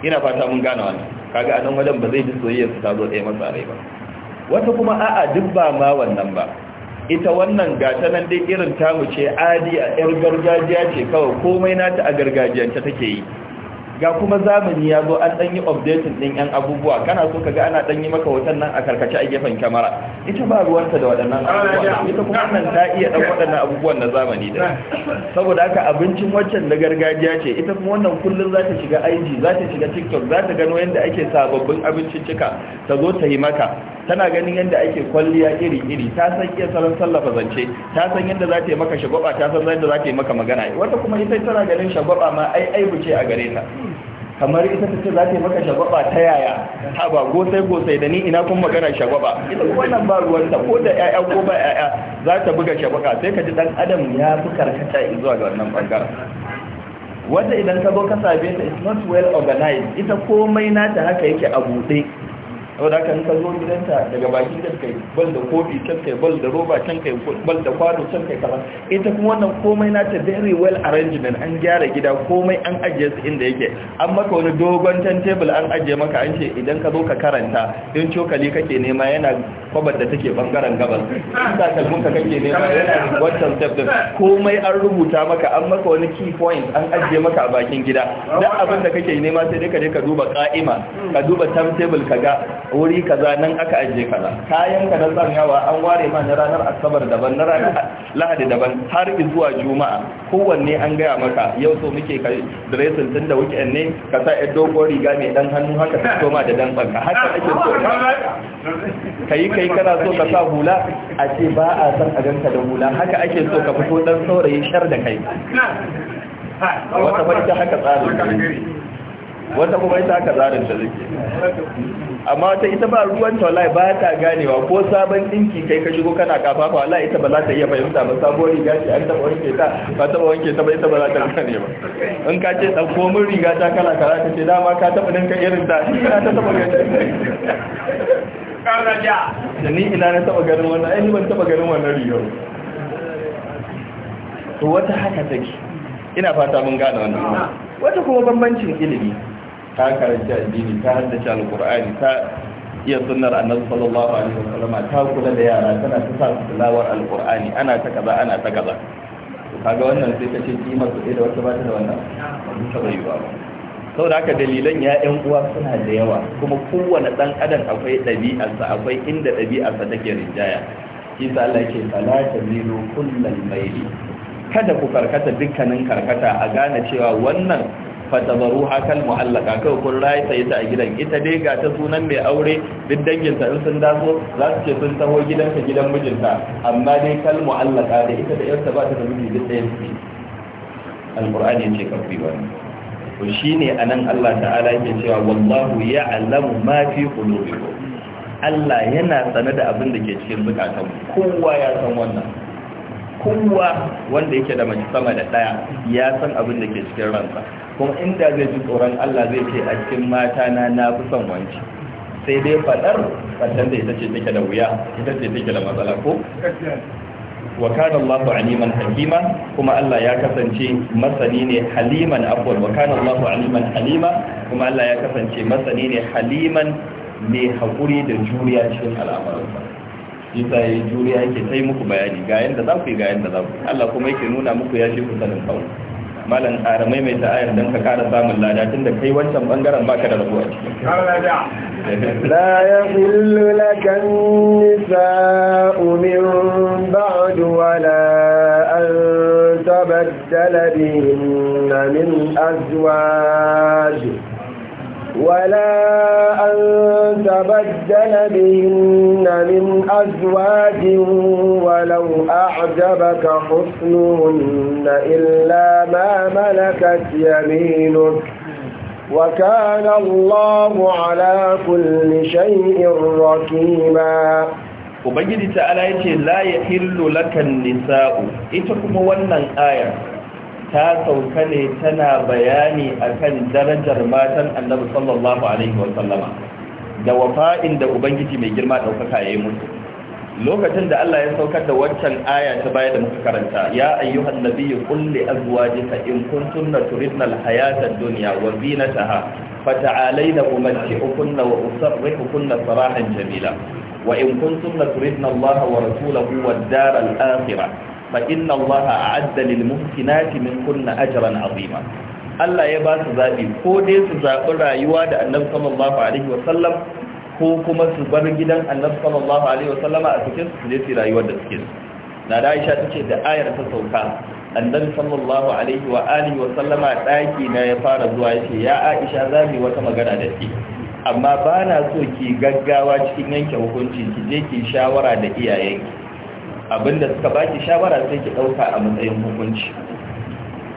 Speaker 1: ina fata mun gane wannan kaga anan wajen ba zai ji soyayya ta zo ɗaya masa rai ba wata kuma a'a duk ba ma wannan ba ita wannan gata nan dai irin ta ce adi a yar gargajiya ce kawai komai nata a gargajiyance take yi ga kuma zamani ya zo an ɗanyi updating ɗin 'yan abubuwa kana so ka ga ana ɗanyi maka hoton nan a karkace a gefen kyamara ita ba ruwanta da waɗannan abubuwa ita kuma nan ta iya ɗan waɗannan abubuwan na zamani da saboda haka abincin waccan na gargajiya ce ita kuma wannan kullum za ta shiga IG za ta shiga TikTok za ta gano yadda ake sababbin abincin cika ta zo ta yi maka tana ganin yadda ake kwalliya iri-iri ta san iya salon sallafa zance ta san yadda za ta yi maka shagwaba ta san yadda za ta yi maka magana wata kuma ita tana ganin shagwaba ma ai aibu ce a gare ta kamar ita ta ce za ta yi maka shagwaba ta yaya ha ba gosai gosai da ni ina kun magana shagwaba ita nan ba ruwan ta ko da yaya ko ba yaya za ta buga shagwaba sai ka ji dan adam ya fi karkata zuwa ga wannan bangaren wanda idan ka zo ka same ta it's not well organized ita komai nata haka yake a buɗe saboda haka in ka zo gidanta daga bakin can kai bal da kofi can kai bal da roba can kai bal da kwano can kai kaza ita kuma wannan komai na ta very well arrangement an gyara gida komai an ajiye su inda yake an maka wani dogon ten-table an ajiye maka an ce idan ka zo ka karanta don cokali kake nema yana kwabar da take bangaren gabas sa kalmun ka kake nema yana wancan step din komai an rubuta maka an maka wani key point an ajiye maka a bakin gida duk abin da kake nema sai dai ka je ka duba ka'ima ka duba timetable ka ga wuri kaza nan aka ajiye kaza kayan ka na sanyawa an ware ma na ranar asabar daban na ranar lahadi daban har zuwa juma'a kowanne an gaya maka yau so muke ka dresin tun da wuke ne ka sa ɗan dogon riga mai dan hannu haka ka ma da dan tsanka haka ake so ka yi kai kana so ka sa hula a ce ba a san a ganka da hula haka ake so ka fito dan saurayi shar da kai wata farki haka tsarin wata kuma ita aka zarin da zake amma wata ita ba ruwan ta ba ta ganewa ko sabon dinki kai ka shigo kana ko Allah ita ba za ta iya fahimta ba sabuwar riga ce an taba wanke ta ba taba wanke ta ba ita ba za ta gane ba in ka ce ko mun riga ta kala kala ta ce dama ka taba dinka irin ta ka ta taba
Speaker 2: gani karaja da ni
Speaker 1: ina na taba ganin wannan ai ni ban taba ganin wannan rigar to wata haka take ina fata mun gane wannan wata kuma bambancin ilimi ka karanci addini ta haddace alqur'ani ta iya sunnar annabi sallallahu alaihi wasallam ta kula da yara tana ta sa su tilawar alqur'ani ana ta kaza ana ta kaza kaga wannan sai ka ce su da wata ba ta da wannan ba ta bai ba saboda haka dalilan ya yan uwa suna da yawa kuma kowane dan adam akwai ɗabi'arsa akwai inda ɗabi'arsa take rinjaya shi sa Allah yake fala tamilu kullal bayli kada ku karkata dukkanin karkata a gane cewa wannan fatabaru hakan mu'allaka kawai kun rayu sai ta a gidan ita dai ga ta sunan mai aure duk danginta in sun daso za su ce sun taho gidansa gidan mijinta amma dai kal muhallaka da ita da yarsa ba ta da miji duk ɗayan su alqur'ani ce kafi wani to shine anan Allah ta'ala yake cewa wallahu ya'lamu ma fi qulubikum Allah yana sane da abin da ke cikin zukatan kowa ya san wannan kowa wanda yake da mace sama da daya ya san abin da ke cikin ransa kuma inda zai ji tsoron Allah zai ce a cikin mata na na fi son wanci sai dai faɗar ƙarshen da ita ce take da wuya ita ce take da matsala ko wa kana Allahu aliman hakima kuma Allah ya kasance masani ne haliman afwan wa kana Allahu aliman halima kuma Allah ya kasance masani ne haliman ne hakuri da juriya cikin al'amuransa yasa yi juriya yake sai muku bayani ga yadda za ku yi ga yadda za ku Allah kuma yake nuna muku ya shi ku sanin kawai malam ƙara maimaita a don ka ƙara samun lada tun da kai wancan bangaren baka
Speaker 3: da rabuwa
Speaker 2: لا يحل لك النساء من بعد ولا أن تبدل بهن من أزواج ولا أن تبدل بهن من أزواج ولو أعجبك حسنهن إلا ما ملكت يمينك وكان الله على كل شيء رقيبا
Speaker 1: وبجد ta'ala لا ce لك النساء hillu lakan nisa'u ta sauka ne tana bayani akan darajar matan annabi sallallahu alaihi wa sallama da wafa'in da ubangiji mai girma daukaka yayi mutu lokacin da Allah ya saukar da waccan aya ta baya da muka karanta ya ayyuhan nabiyyu qul li azwajika in kuntunna turidna al-hayata ad-dunya wa zinataha fata'alayna umatti'ukunna wa usarrihukunna sarahan jamila wa in kuntunna turidna Allah wa rasulahu wad-dara al-akhirah fa inna allaha a'adda lil muhsinati min kunna ajran azima Allah ya ba su zaɓi ko dai su zaɓi rayuwa da annabi sallallahu alaihi wasallam ko kuma su bar gidan annabi sallallahu alaihi wasallama a cikin su ne su rayuwar da suke na da Aisha ta ce da ayar ta sauka annabi sallallahu alaihi wa alihi wasallama daki na ya fara zuwa ya ce ya Aisha zabi wata magana da ke amma ba na so ki gaggawa cikin yanke hukunci ki je ki shawara da iyayenki abinda suka baki shawara sai ki dauka a matsayin hukunci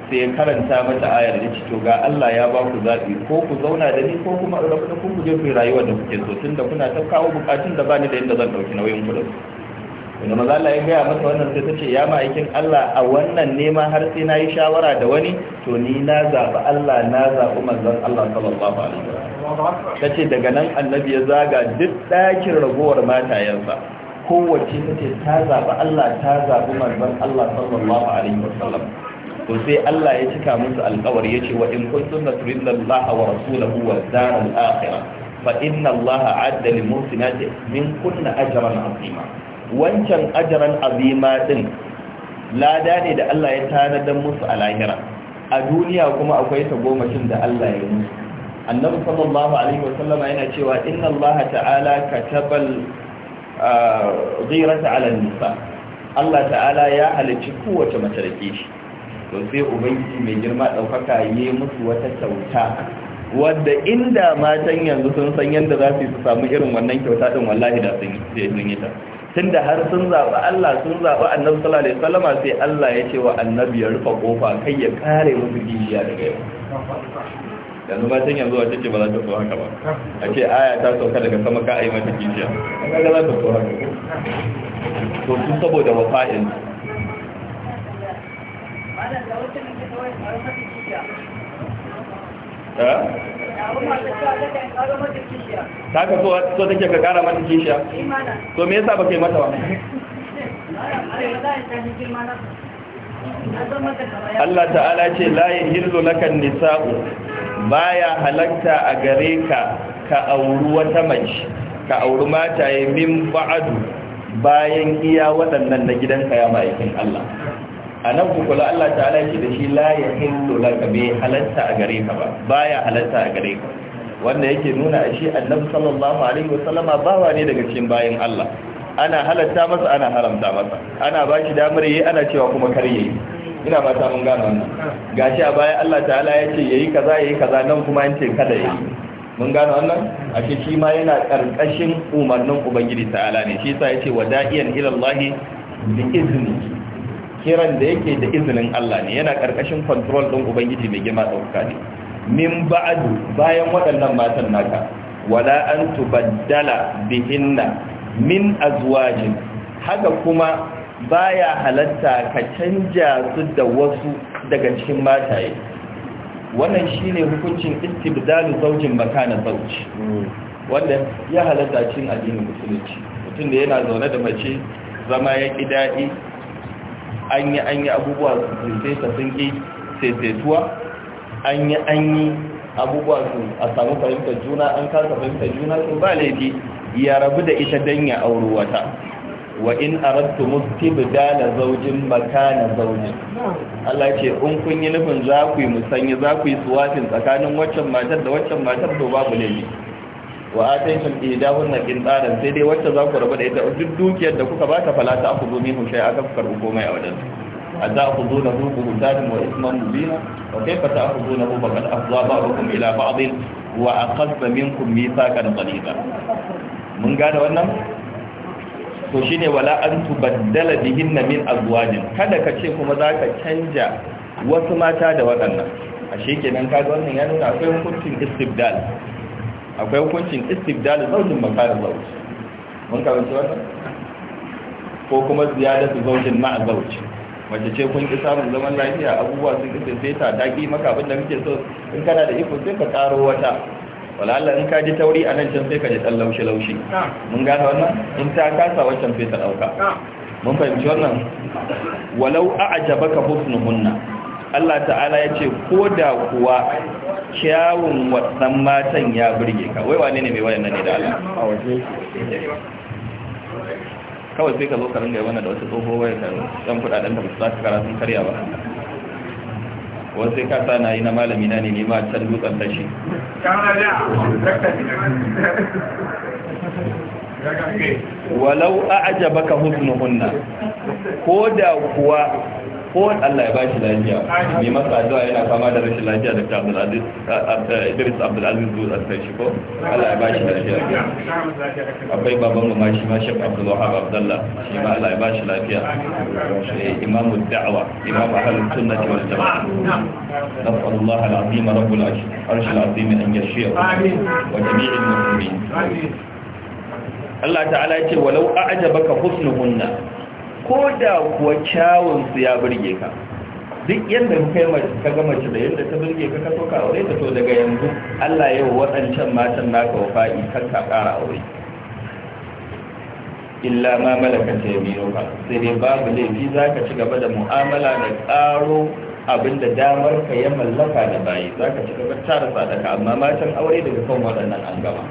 Speaker 1: sai ya karanta mata ayar da to ga Allah ya ba ku zabi ko ku zauna da ni ko kuma rabu da kun guje ku rayuwa da kuke so tunda kuna ta kawo bukatun da bani da yadda zan dauki nauyin ku da su wanda maza Allah ya gaya mata wannan sai ta ce ya aikin Allah a wannan nema har sai na yi shawara da wani to ni na zaɓi Allah na zaɓi manzon Allah sallallahu
Speaker 3: alaihi ta ce
Speaker 1: daga nan annabi ya zaga duk ɗakin ragowar matayensa kowace ta ce ta zaɓi Allah ta zaɓi manzon Allah sallallahu alaihi wasallam to sai Allah ya cika musu alƙawari ya ce wa in kuntum turidna Allah wa rasulahu wa daral akhirah fa inna Allah adda lil muhsinati min kunna ajran azima wancan ajran azima din lada ne da Allah ya tanadar musu a lahira a duniya kuma akwai tagomashin da Allah ya musu annabi sallallahu alaihi wasallama yana cewa inna Allah ta'ala katabal zirata ala nisa Allah ta'ala ya halicci kowace mace da ke shi to sai ubangiji mai girma ɗaukaka yi musu wata kyauta wadda inda matan yanzu sun san yadda za su samu irin wannan kyauta ɗin wallahi da sun yi ta tunda har sun zaɓi Allah sun zaɓi annabi sallallahu alaihi wasallama sai Allah ya ce wa annabi ya rufe kofa kai ya kare musu gijiya daga yau yanzu ba can yanzu wata ce ba za ta so haka ba a ce aya ta sauka daga sama ka a yi mata kishiya ga za ta so haka to sun saboda wafa'in
Speaker 3: eh? ta ka so ta take ka kara mata kishiya to me yasa ba kai mata ba Allah ta'ala ce
Speaker 1: layin hillu lakan nisa'u baya halatta a gare ka ka auri wata mace ka auri mata min ba'adu bayan iya waɗannan na gidanka ya ma'aikin Allah a nan kukula Allah ta'ala ce da shi layin hillu laka bai halatta a gare ka ba baya halatta a gare ka wanda yake nuna a shi annabi sallallahu alaihi wasallama bawa ne daga cikin bayan Allah ana halatta masa ana haramta masa ana ba shi damar yi ana cewa kuma kar yi ina ba ta mun gano wannan gashi a baya Allah ta'ala ya ce yayi kaza yayi kaza nan kuma an ce kada yi mun gano wannan ashe shi ma yana karkashin umarnin ubangiji ta'ala ne shi yasa yace da'iyan ila Allah bi izni kiran da yake da izinin Allah ne yana karkashin control din ubangiji mai girma dauka ne min ba'du bayan waɗannan matan naka wala an tubaddala bihinna min azwajin haka kuma baya halatta ka canja su da wasu daga cikin mataye wannan shine hukuncin istibdalu zaujin makana zauci wanda ya halatta cin addinin musulunci mutum da yana zaune da mace zama ya kidadi daɗi an yi an abubuwa su sai sun ki saisaituwa an yi an yi abubuwa su a samu fahimtar juna an kasa fahimtar juna sun ba laifi ya rabu da ita don ya auri wata wa in arattu zaujin zawjin na zaujin? Allah ce in kun yi nufin za ku yi musanya za ku yi suwatin tsakanin waccan matar da waccan matar to babu laifi wa ataytum idahunna tsarin sai dai wacce za ku rabu da ita duk dukiyar da kuka bata fala ta aku zumi hun shay'a aka karbu komai a wajen A za ku zo na hu buhutatin wa isman mubina wa kai ta aku zo na hu ba afdha ba'dukum ila ba'din wa a aqadna minkum mithaqan qalila mun gane wannan to shine wala an tubaddala bihinna min azwajin kada ka ce kuma za ka canja wasu mata da waɗannan ashe kenan kaga wannan ya nuna akwai hukuncin istibdal akwai hukuncin istibdal zaujin makar zauci mun karanta wannan ko kuma su zaujin ma zauci wace ce kun ki samun zaman lafiya abubuwa sun kace sai ta daki maka abin da kake so in kana da iko sai ka karo wata allah in ka ji tauri a nan can sai ka ji ɗan laushi-laushi mun gane wannan in ta kasa wancan sai ta ɗauka mun fahimci wannan walau a ajaba ka husnuhunna Allah ta'ala ya ce ko da kuwa kyawun wannan matan ya birge ka wai wane ne mai wayan nan ne da Allah kawai sai ka zo ka ringa yi wannan da wasu tsoho wayan nan ɗan kuɗaɗen da ba su za su kara sun karya ba wasu na yi na malami na ne ne ma can dutsen tashi walau a ajabaka husnuhunna ko da kuwa ko Allah ya ba shi lafiya mai masa addu'a yana fama da rashin lafiya da ta Abdul Aziz Idris Abdul Aziz Zuwa Asai shi ko Allah ya ba shi lafiya akwai baban mu mashi shi ma Sheikh Abdul Wahab Abdullah shi ma Allah ya ba shi lafiya shi imam da'wa imam ahlus sunnah wal jamaa نسأل الله العظيم رب العرش العظيم أن يشفيه وجميع المسلمين Allah ta'ala ce walau a'jabaka husnuhunna ko da kuwa kyawunsu ya birge ka duk yadda ka kai mace ka gama da yadda ta birge ka kaso ka aure ta to daga yanzu Allah ya waɗancan matan naka wafa'i kan ka ƙara aure illa ma malaka ta yi ka sai dai babu laifi za ka ci gaba da mu'amala da ƙaro abinda damar ka ya mallaka da bayi za ka ci gaba tara sadaka amma matan aure daga kan waɗannan an gama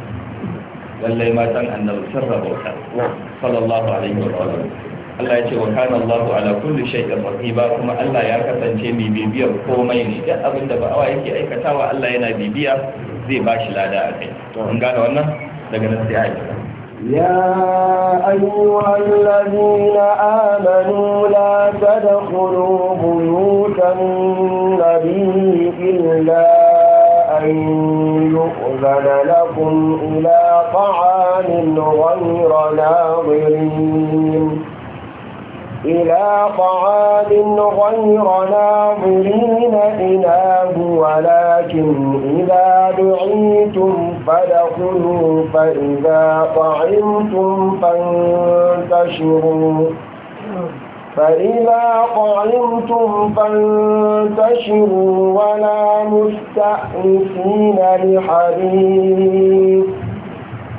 Speaker 1: lallai matan annabi sun rabauta sallallahu alaihi wa sallam Allah ya ce wa kana Allahu ala kulli shay'in raqiba kuma Allah ya kasance mai bibiyar komai ne duk abin da ba'awa yake aikatawa Allah yana bibiya zai ba shi lada a kai mun gane wannan daga nan sai ayi
Speaker 2: يا أيها الذين آمنوا لا تدخلوا بيوت النبي إلا أن يؤذن لكم إلى طعام غير ناظرين إلى طعام غير ناظرين إله ولكن إذا دعيتم فدخلوا فإذا طعمتم فانتشروا فإذا طعمتم فانتشروا ولا مستأنسين لحديث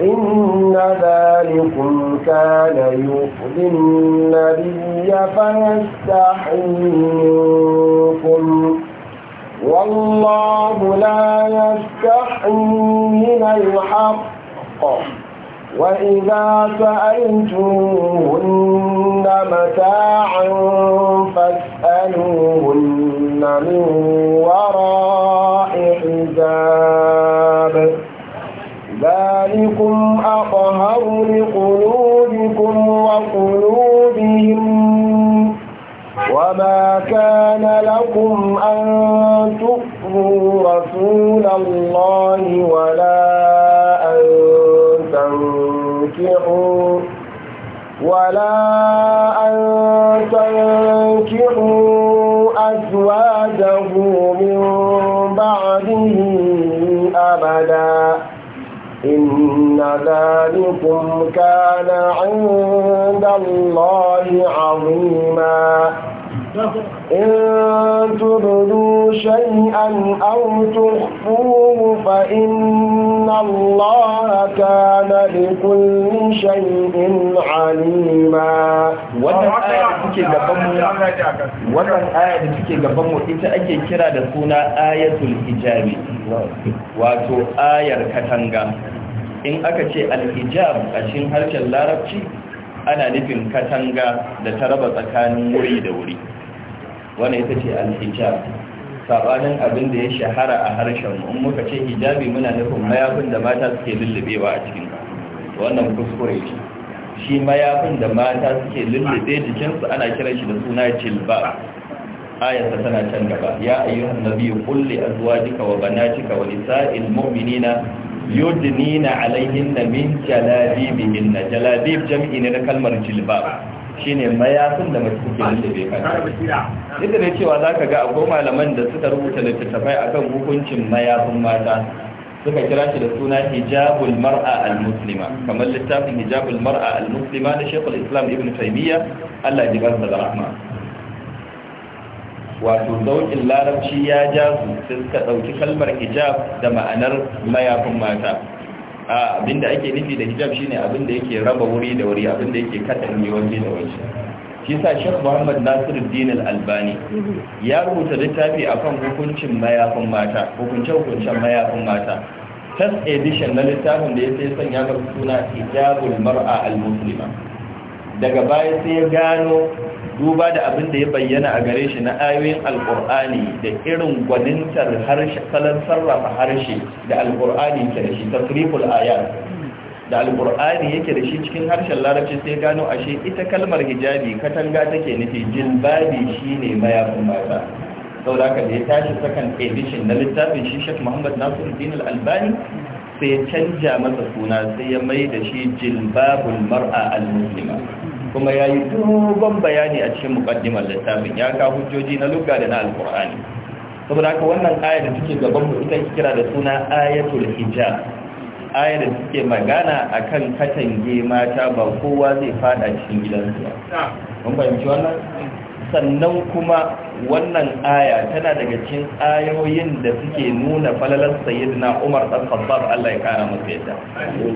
Speaker 2: إن ذلكم كان يؤذي النبي فيستحيكم منكم والله لا يستحي من الحق وإذا سألتموهن متاعا لكم أن تؤذوا رسول الله ولا أن تنكحوا ولا أن تنكحوا أزواجه من بعده أبدا إن ذلكم كان عند الله عظيما إن تبدوا شيئا أو تخفوه فإن الله كان لكل شيء عليما wannan aya da suke wannan da suke gabanmu
Speaker 1: ita ake kira da suna ayatul hijabi wato ayar katanga in aka ce al-hijab a cikin harshen larabci ana nufin katanga da ta raba tsakanin wuri da wuri wani ita ce alhijab saɓanin sabanin abin da ya shahara a harshen mu. in muka ce hijabi muna nufin mayafin da mata suke lullubewa a cikin wannan kuskure shi shi mayafin da mata suke lullube jikinsu ana kiran shi da suna jilba ta tana can gaba ya ayyuhan nabiyyu qul li azwajika wa banatika wa nisa'il mu'minina yudnina 'alayhinna min jalabibihinna jalabib jam'i ne na kalmar jilbab Shi shine mayafin da da take lullube kanta Inda ne cewa za ka ga akwai malaman da suka rubuta littattafai akan hukuncin mayafin mata suka kira shi da suna hijabul mar'a al-muslima kamar littafin hijabul mar'a al-muslima da shekul islam Ibn taimiyya Allah ya barka da rahma wato sauƙin larabci ya ja su suka dauki kalmar hijab da ma'anar mayafin mata abin abinda ake nufi da hijab shine abinda yake raba wuri da wuri abinda yake kada katange waje da waje. shi sa Sheikh Muhammad Nasiruddin Al-Albani ya rubuta littafi akan hukuncin mayafin mata hukuncin hukuncin mayafin mata first edition na littafin da ya sai sanya ga suna hijabul mar'a al-muslima daga baya sai ya gano duba da abin da ya bayyana a gare shi na ayoyin alkur'ani da irin gwanintar harshe salon sarrafa harshe da alkur'ani ke da shi tasriful ayat da alkur'ani yake da shi cikin harshen larabci sai gano ashe ita kalmar hijabi katanga take nufi jilbabi shine mayafin mata Sau da ya tashi sakan edition na littafin shi Sheikh Muhammad Nasiruddin Al-Albani sai ya canja masa suna sai ya mai da shi jilbabul mar'a al-muslima kuma ya yi duban bayani a cikin mukaddimar littafin ya ka hujjoji na lugha da na alkur'ani saboda haka wannan aya da take gaban mu ita kira da suna ayatul hijab aya da take magana akan katange mata ba kowa zai fada cikin gidansu mun bayyana wannan sannan kuma wannan aya tana daga cikin ayoyin da suke nuna falalar sayyidina Umar dan Khattab Allah ya kara masa yadda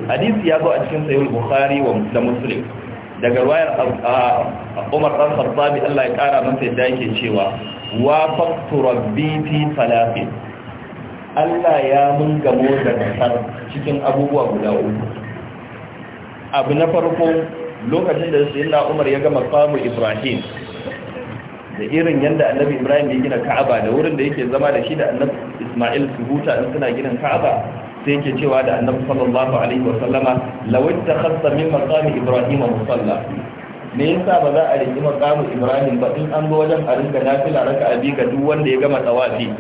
Speaker 1: hadisi ya zo a cikin sahih Bukhari da Muslim daga wayar ah, ah, umar ɗan sarsabi Allah ya ƙara masa yadda yake cewa wa faktu rabbi fi Allah ya mun gamo da nasar cikin abubuwa guda uku abu na farko lokacin da su yana umar ya gama samun ibrahim da irin yadda annabi ibrahim ya gina ka'aba da wurin da yake zama da shi da annabi ismail su huta in suna ginin ka'aba sai yake cewa da annabi sallallahu alaihi wa sallama lawaita khassa min maqami ibrahim musalla me yasa ba za a riki maqamu ibrahim ba in an zo wajen a rinka nafila raka'a bi ga duk wanda ya gama tawafi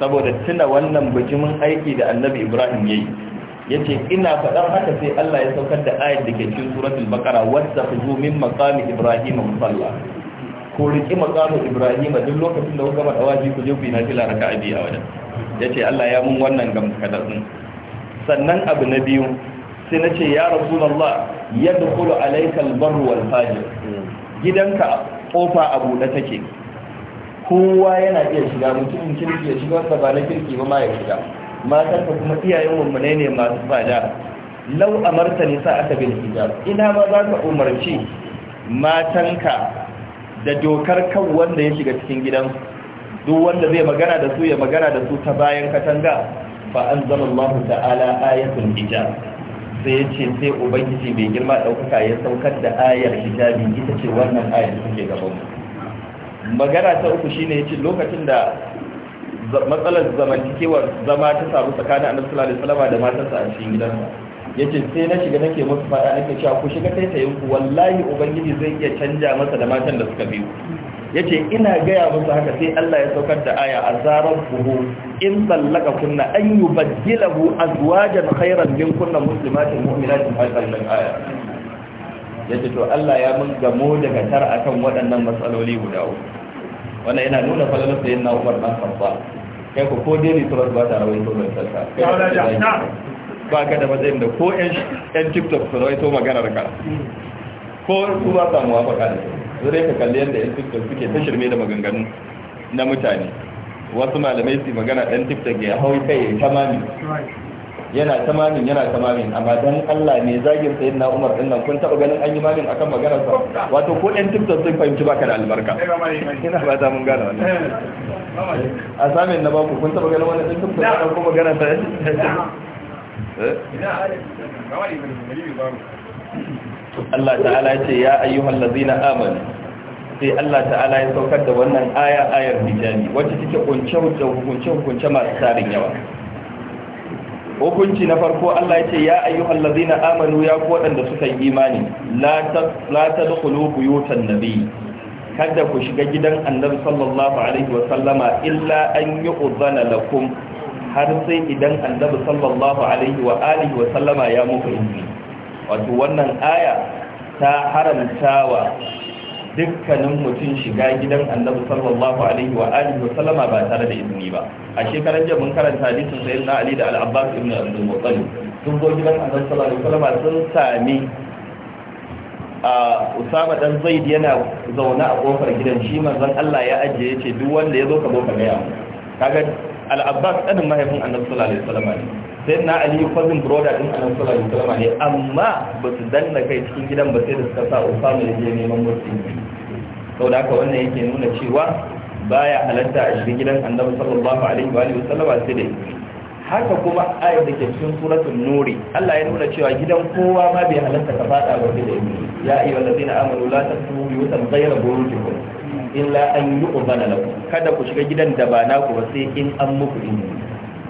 Speaker 1: saboda tuna wannan bijimin aiki da annabi ibrahim yayi yace ina faɗan haka sai Allah ya saukar da ayat da ke cikin suratul baqara wadda khuzu min maqami ibrahim musalla ko riki maqamu ibrahim duk lokacin da kuka gama tawafi ku je ku yi nafila raka'a bi a wajen yace Allah ya mun wannan gamsakadan sannan abu na biyu sai na ce ya rasulallah ya dukulu alaikal barru wal fajir gidanka kofa a buɗe take kowa yana iya shiga mutumin kirki ya shiga wanda ba na kirki ba ma ya shiga matarka kuma iyayen mummune ne masu fada lau a ne sa aka bin hijab ina ma za ka umarci matanka da dokar kan wanda ya shiga cikin gidan duk wanda zai magana da su ya magana da su ta bayan katanga fa anzalallahu ta'ala ayatul hijab sai ya ce sai ubangiji mai girma ɗaukaka ya saukar da ayar hijabi ita ce wannan suke gaban magana ta uku shine ya ce lokacin da matsalar zamantakewar zama ta samu tsakanin annabi sallallahu alaihi wasallam da matarsa a cikin gidansa yace sai na shiga nake musu fada nake cewa ku shiga kai tayin ku wallahi ubangiji zai iya canja masa da matan da suka biyu yace ina gaya musu haka sai Allah ya saukar da aya a zarar buhu in sallaka kunna an yubaddilahu azwajan khayran min kunna muslimatin mu'minatin hakan aya yace to Allah ya mun gamo daga tar akan waɗannan matsaloli guda uku wannan yana nuna falalar da yana Umar ɗan Khattab kai ko ko dai surat ba ta rawaito ban sarka ba ka da matsayin da ko ƴan TikTok su rawaito maganar ka ko su ba ta muwafaka da su zai ka kalli yadda yan tiktok suke ta shirme da maganganu na mutane wasu malamai su magana dan tiktok ya hau kai ya tamami yana tamamin yana tamamin amma dan Allah ne zagin sayin na Umar din nan kun taba ganin an yi mamin akan maganar sa wato ko yan tiktok sun fahimci baka da albarka ina ba za mun gane wannan a samin na baku kun taba ganin wannan ɗan tiktok da kuma maganar sa
Speaker 2: eh, eh? Allah ta'ala ya ce ya ayyuhal
Speaker 1: ladzina amanu sai Allah ta'ala ya saukar da wannan aya ayar hijabi wacce take kunce hukunce hukunce masu tarin yawa hukunci na farko Allah ya ce ya ayyuhal ladzina amanu ya ku waɗanda suka yi imani la ta la tadkhulu buyutan nabiy kada ku shiga gidan annabi sallallahu alaihi wa sallama illa an yi yu'dhana lakum har sai idan annabi sallallahu alaihi wa alihi wa sallama ya muku izini wato wannan aya ta haramtawa dukkanin mutum shiga gidan annabi sallallahu alaihi wa alihi wa sallama ba tare da izini ba a shekaran jiya mun karanta hadisin sai na ali da al-abbas ibn abdul muttalib sun zo gidan annabi sallallahu alaihi wa sallama sun sami a usama dan zaid yana zaune a kofar gidan shi manzon Allah ya ajiye yace duk wanda ya zo ka zo ka ga ya kaga al-abbas ɗanin mahaifin annabi sallallahu alaihi wa sallama sai na ali cousin brother din anan sallallahu alaihi wasallam ne amma ba su danna kai cikin gidan ba sai da suka sa Usama da je neman musulmi da haka wannan yake nuna cewa baya halatta a cikin gidan annabi sallallahu alaihi wa alihi wasallam sai da haka kuma ayi da ke cikin suratul nuri Allah ya nuna cewa gidan kowa ma bai halatta ka fada ba sai da ya ayyuhal allazina amanu la tasbu biyutan ghayra burujikum illa an yu'zana lakum kada ku shiga gidan da ba naku ba sai in an muku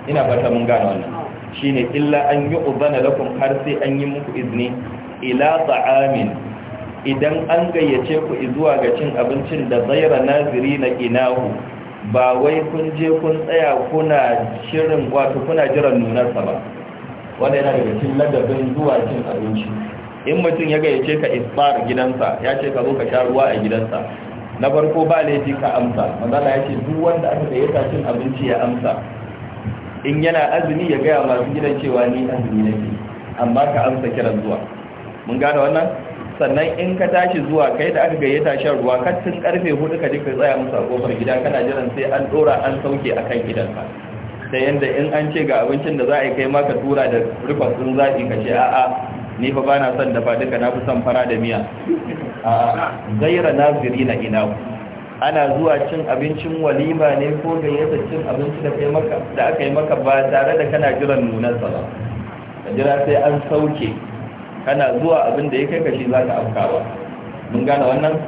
Speaker 1: ina fata mun gane wannan shine illa an yi ubana lakum har sai an yi muku izini ila ta'amin idan an gayyace ku zuwa ga cin abincin da zaira naziri na inahu ba wai kun je kun tsaya kuna shirin wato kuna jiran sa ba wanda yana daga cikin ladabin zuwa cin abinci in mutum ya gayyace ka isbar gidansa ya ce ka zo ka sha ruwa a gidansa na farko ba laifi ka amsa manzala ya ce duk wanda aka gayyata cin abinci ya amsa in yana azumi ya gaya masu gidan cewa ni azumi na ke, amma ka amsa kiran zuwa mun gane wannan sannan in ka tashi zuwa kai da aka gayyata shan ruwa ka tun karfe hudu ka dika tsaya musu a kofar gida kana jiran sai an dora an sauke a kan gidan ka. ta yadda in an ce ga abincin da za a yi kai maka tura da rufa sun zaɓi ka ce a'a ni fa bana son dafa duka na fi son fara da miya a gaira naziri na ina ana zuwa cin abincin walima ne ko gayyata cin abinci da kai maka da aka yi maka ba tare da kana jiran nunar sa ka jira sai an sauke kana zuwa abin da ya kai kashi za ka afkawa mun gane wannan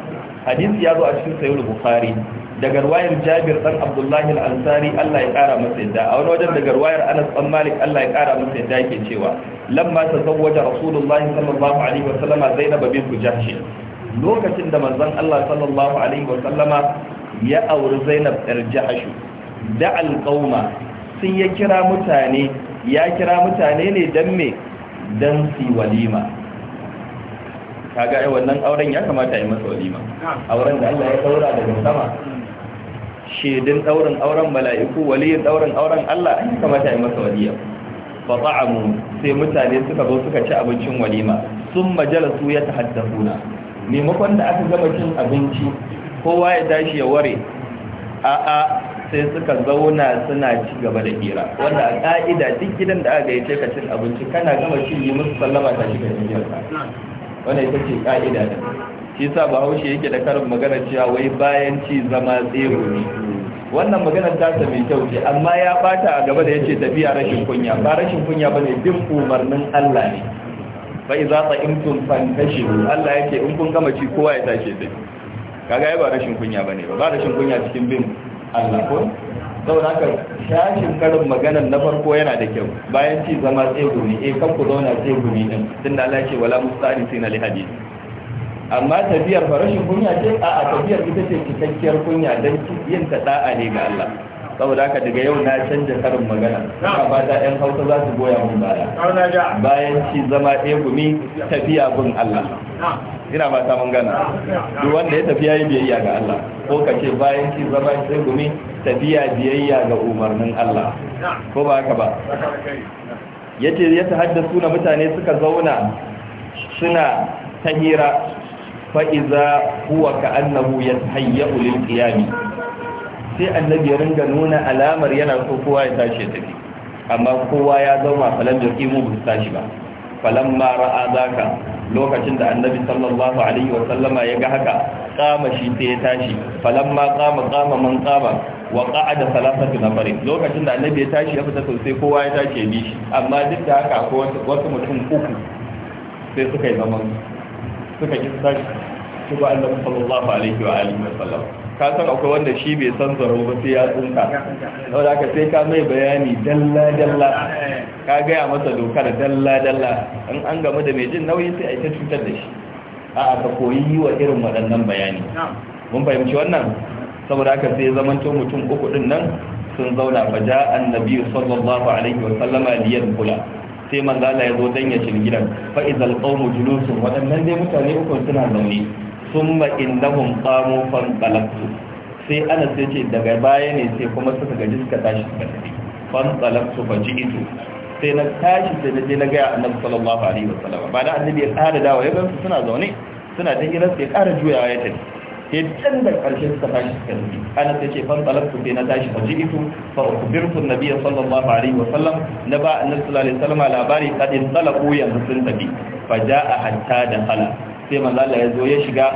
Speaker 1: hadisi ya zo a cikin sayyid bukhari daga ruwayar jabir dan abdullahi al-ansari Allah ya kara masa yadda a wani wajen daga ruwayar anas dan malik Allah ya kara masa yadda yake cewa lamma tazawwaja rasulullahi sallallahu alaihi wasallam zainab bint jahsh lokacin da manzon Allah sallallahu alaihi wa sallama ya auri Zainab ɗar Jahashu da alƙauma sun ya kira mutane ya kira mutane ne dan me dan si walima kaga ai wannan auren ya kamata yi masa walima auren da Allah ya daura daga sama shedin daurin auren mala'iku waliyin daurin auren Allah ya kamata yi masa walima fata'amu sai mutane suka zo suka ci abincin walima sun majalasu ya tahaddafuna maimakon da aka gama cin abinci kowa ya tashi ya ware a'a sai suka zauna suna ci gaba da hira wanda a ka'ida duk gidan da aka yace ka cin abinci kana gama cin yi musu sallama ta shiga cikin wanda ita ce ka'ida da shi sa bahaushe yake da karin magana cewa wai bayan ci zama tsero ne wannan maganar ta mai kyau ce amma ya bata a gaba da yace tafiya rashin kunya ba rashin kunya bane duk umarnin Allah ne fa iza ta'imtum fantashiru Allah yake in kun gama ci kowa ya tashi dai kaga ai ba rashin kunya bane ba ba rashin kunya cikin bin Allah ko saboda haka shashin karin maganar na farko yana da kyau bayan ci zama tsego ne eh kan ku zauna tsego ne din tunda Allah ya ce wala musta'nisina li hadith amma tafiyar farashin kunya ce a tafiyar ita ce cikakkiyar kunya dan yin ta da'a ne ga Allah saboda haka daga yau na canja karin magana ba fata yan hausa za su goya mun baya bayan ci zama ɗaya gumi tafiya bin Allah ina ba ta gana duk wanda ya tafiya yi biyayya ga Allah ko ka ce bayan ci zama ɗaya gumi tafiya biyayya ga umarnin Allah ko ba haka ba yace ya haddasu na mutane suka zauna suna ta hira fa iza huwa ka'annahu yatahayyu lil qiyami sai annabi ya ringa nuna alamar yana so kowa ya tashi ya tafi amma kowa ya zauna falan da kimu bu tashi ba falan ma ra'a zaka lokacin da annabi sallallahu alaihi wa sallama ya ga haka kama shi sai ya tashi falan ma kama kama man kama wa qa'ada salasatu nafar lokacin da annabi ya tashi ya fita sosai kowa ya tashi ya bi shi amma duk da haka akwai wasu mutum uku sai suka yi zaman suka ki tashi tuba annabi sallallahu alaihi wa alihi ka san akwai wanda shi bai san zaro ba sai ya tsinka saboda haka sai ka mai bayani dalla dalla ka gaya masa dokar dalla dalla in an gamu da mai jin nauyi sai a ta cutar da shi a ka koyi yi wa irin waɗannan bayani mun fahimci wannan saboda haka sai zamanto mutum uku din nan sun zauna fa ja annabi sallallahu alaihi wa sallama liyar kula sai manzo ya zo dan ya shirgi fa izal qawmu julusun waɗannan dai mutane uku suna zaune summa indahum qamu fanqalaqtu sai ana sai ce daga baya ne sai kuma suka gaji suka tashi suka tafi fanqalaqtu ito sai na tashi sai na je na ga annabi sallallahu alaihi wasallam ba da annabi ya tsara dawo ya gansu suna zaune suna ta hira sai ƙara juyawa ya tafi sai can da ƙarshe suka tashi suka tafi ana sai ce fanqalaqtu sai na tashi Ba faji'tu fa ukhbirtu annabi sallallahu alaihi wasallam na ba annabi sallallahu alaihi wasallam labari kadin talaqu yanzu sun tafi faja'a hatta da hala sai manzala ya zo ya shiga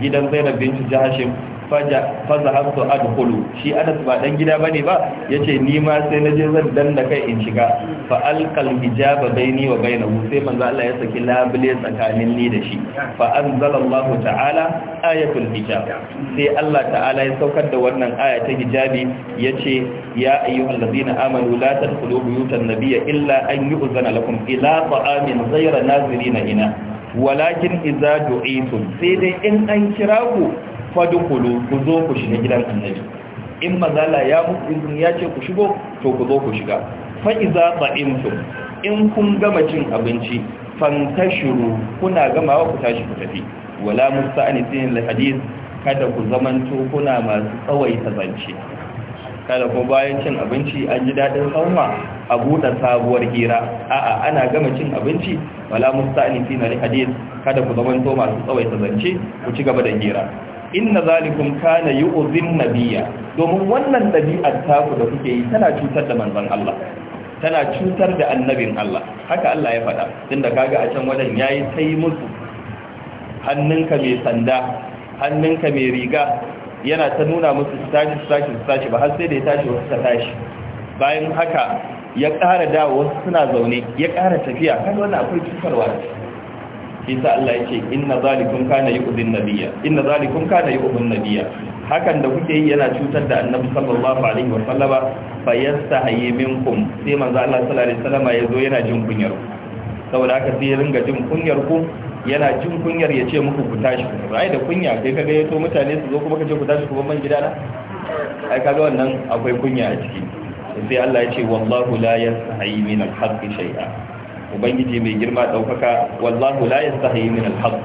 Speaker 1: gidan zainab bintu jahashim faza hafsu adkhulu shi anas ba dan gida bane ba yace ni ma sai naje zan da kai in shiga fa alqal hijaba baini wa bainahu sai manzo Allah ya saki labule tsakanin ni da shi fa anzalallahu ta'ala ayatul hijab sai Allah ta'ala ya saukar da wannan aya ta hijabi yace ya ayyuhallazina amanu la tadkhulu buyutan nabiyya illa an yu'zana lakum ila ta'amin ghayra nazirina ina walakin iza du'itum sai dai in an kira ku fadkhulu ku zo ku shiga gidan annabi in mazala ya mu izini ya ce ku shigo to ku zo ku shiga fa iza ta'imtum in kun gama cin abinci fantashuru kuna gamawa ku tashi ku tafi wala musta'anisin lil hadith kada ku zamanto kuna masu tsawaita zance kada ko bayan cin abinci an ji daɗin sauma a buɗe sabuwar hira a'a ana gama cin abinci wala musta'nifi na hadith kada ku zamanto masu tsawaita zance ku ci gaba da hira inna zalikum kana yu'zin nabiyya domin wannan dabi'ar taku da kuke yi tana cutar da manzon Allah tana cutar da annabin Allah haka Allah ya faɗa tunda kaga a can wajen yayi sai musu hannunka mai sanda hannunka mai riga yana ta nuna musu su tashi su tashi tashi ba har sai da ya tashi wasu tashi bayan haka ya ƙara dawo wasu suna zaune ya ƙara tafiya kan wannan akwai cutarwa shi sa Allah ya ce inna zalikum kana yu'dhin nabiyya inna zalikum kana yu'dhin nabiyya hakan da kuke yi yana cutar da annabi sallallahu alaihi wa sallama fa yastahi minkum sai manzo Allah sallallahu alaihi wa sallama yazo yana jin kunyar saboda haka sai ya ringa jin kunyar ku yana jin kunyar ya ce muku ku tashi ku ai da kunya kai kaga yato mutane su zo kuma kace ku tashi kuma ban gida na ai kaga wannan akwai kunya a ciki sai Allah ya ce wallahu la yastahi min al-haqq shay'a ubangiji mai girma daukaka wallahu la yastahi min al-haqq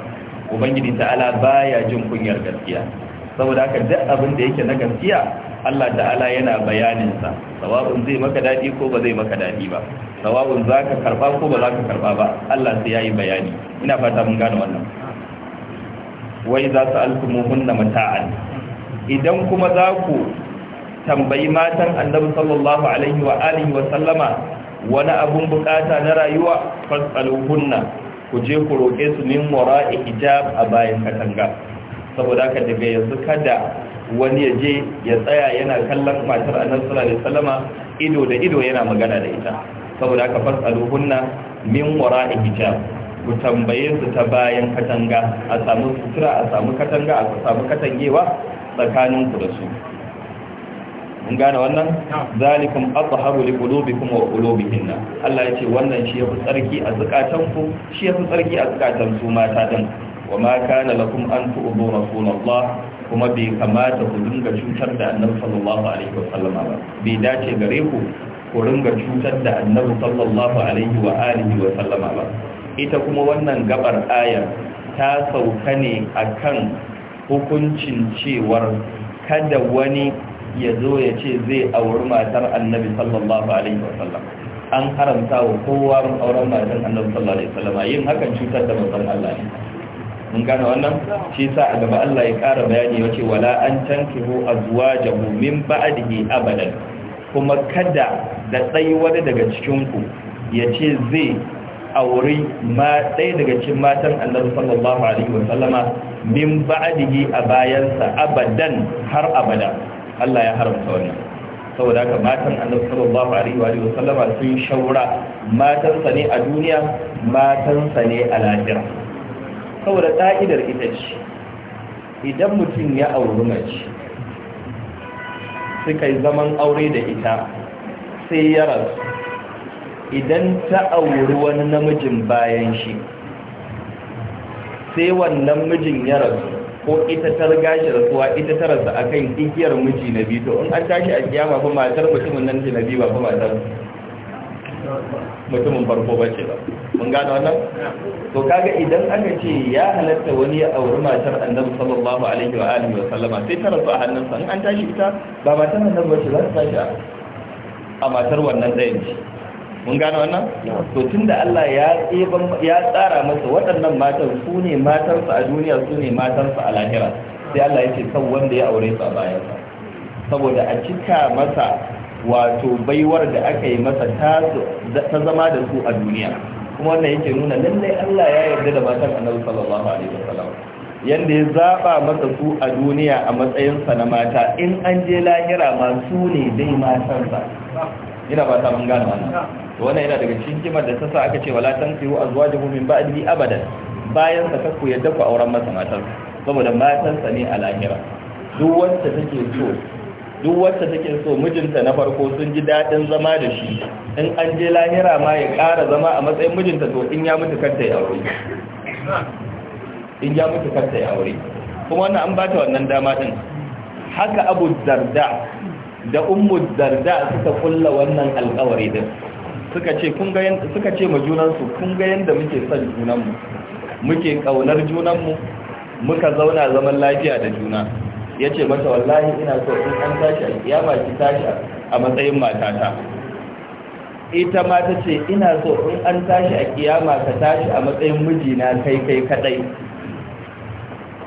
Speaker 1: ubangiji ta'ala baya jin kunyar gaskiya saboda haka duk abin da yake na gaskiya Allah ta'ala yana bayanin sa sawa'un zai maka dadi ko ba zai maka dadi ba sawa'un za ka karba ko ba za ka karba ba Allah sai ya yi bayani ina fata mun gane wannan wai za su alkumuhun na mata'an idan kuma za ku tambayi matan annabi sallallahu alaihi wa alihi wa sallama wani abun bukata na rayuwa fasaluhunna ku je ku roƙe su min wara'i hijab a bayan katanga saboda ka daga yanzu kada wani ya je ya tsaya yana kallon matar annabi sallallahu alaihi wa sallama ido da ido yana magana da ita saboda aka fasaluhunna min a hijab ku tambaye su ta bayan katanga a samu sutura a samu katanga a samu katangewa tsakanin ku da su mun gane wannan zalikum li qulubikum wa qulubihin Allah yace wannan shi yafi tsarki a zakatan ku shi yafi tsarki a zakatan su mata dan wa ma kana lakum an tu'budu rasulullah kuma bai kamata ku dinga cutar da annabi sallallahu alaihi sallama ba bai dace gare ku ku ringa cutar da annabi sallallahu alaihi wa alihi wa sallama ba ita kuma wannan gabar ayar ta sauka ne akan hukuncin cewar kada wani ya zo ya ce zai auri matar annabi sallallahu alaihi wa sallam an haramta wa kowa auren matar annabi sallallahu alaihi wa sallama yin hakan cutar da manzon Allah ne mun gane wannan shi sa a gaba Allah ya ƙara bayani ya wace wala an tankihu azwajahu min ba'dihi abadan kuma kada da tsayi wani daga cikinku ya ce zai auri ɗaya daga cikin matan Allah sallallahu alaihi wa sallama min ba'dihi a bayansa abadan har abada Allah ya haramta wannan saboda haka matan Allah sallallahu alaihi wa sallama sun shaura matansa ne a duniya matansa ne a lahira saboda ta'idar ita ce idan mutum ya auri mace suka yi zaman aure da ita sai ya rasu idan ta auri wani namijin bayan shi sai wannan mijin ya rasu ko ita ta riga shi rasuwa ita ta rasu akan igiyar miji na biyu to in an tashi a kiyama fa matar mutumin nan ce na biyu ba matar mutumin farko ba ce ba mun gano wannan to kaga idan aka ce ya halatta wani ya auri matar annabi sallallahu alaihi wa alihi wa sallama sai ta rasu a hannunsa in an tashi ita ba matar annabi ba ce za ta tashi a matar wannan ɗayan ce mun gano wannan to tunda Allah ya ya tsara masa waɗannan matan su ne matansa a duniya su ne matansa a lahira sai Allah ya ce kan wanda ya aure su a bayansa saboda a cika masa wato baiwar da aka yi masa ta zama da su a duniya kuma wannan yake nuna lallai Allah ya yarda da matan annabi sallallahu alaihi wasallam yanda ya zaba masa su a duniya a matsayin sa na mata in an je lahira ma su ne dai matan sa ina ba ta mun gane wannan to wannan yana daga cikin kimar da ta sa aka ce wala tanfihu azwajuhum min ba'di abadan bayan sa ku yadda ku auren masa matan saboda matan sa ne a lahira duk wanda take so duk wacce take so mijinta na farko sun ji daɗin zama da shi in an je lahira ma ya ƙara zama a matsayin mijinta to in ya mutu karta ya aure in ya mutu karta ya aure kuma wannan an ba ta wannan dama din haka abu darda da ummu darda suka kulla wannan alƙawari din suka ce kun ga suka ce ma junansu kun ga yanda muke son junanmu muke kaunar junanmu muka zauna zaman lafiya da juna ya ce mata wallahi ina so in an tashi a kiyama ki tashi a matsayin matata ita ma ta ce ina so in an tashi a kiyama ka tashi a matsayin mijina kai kai kadai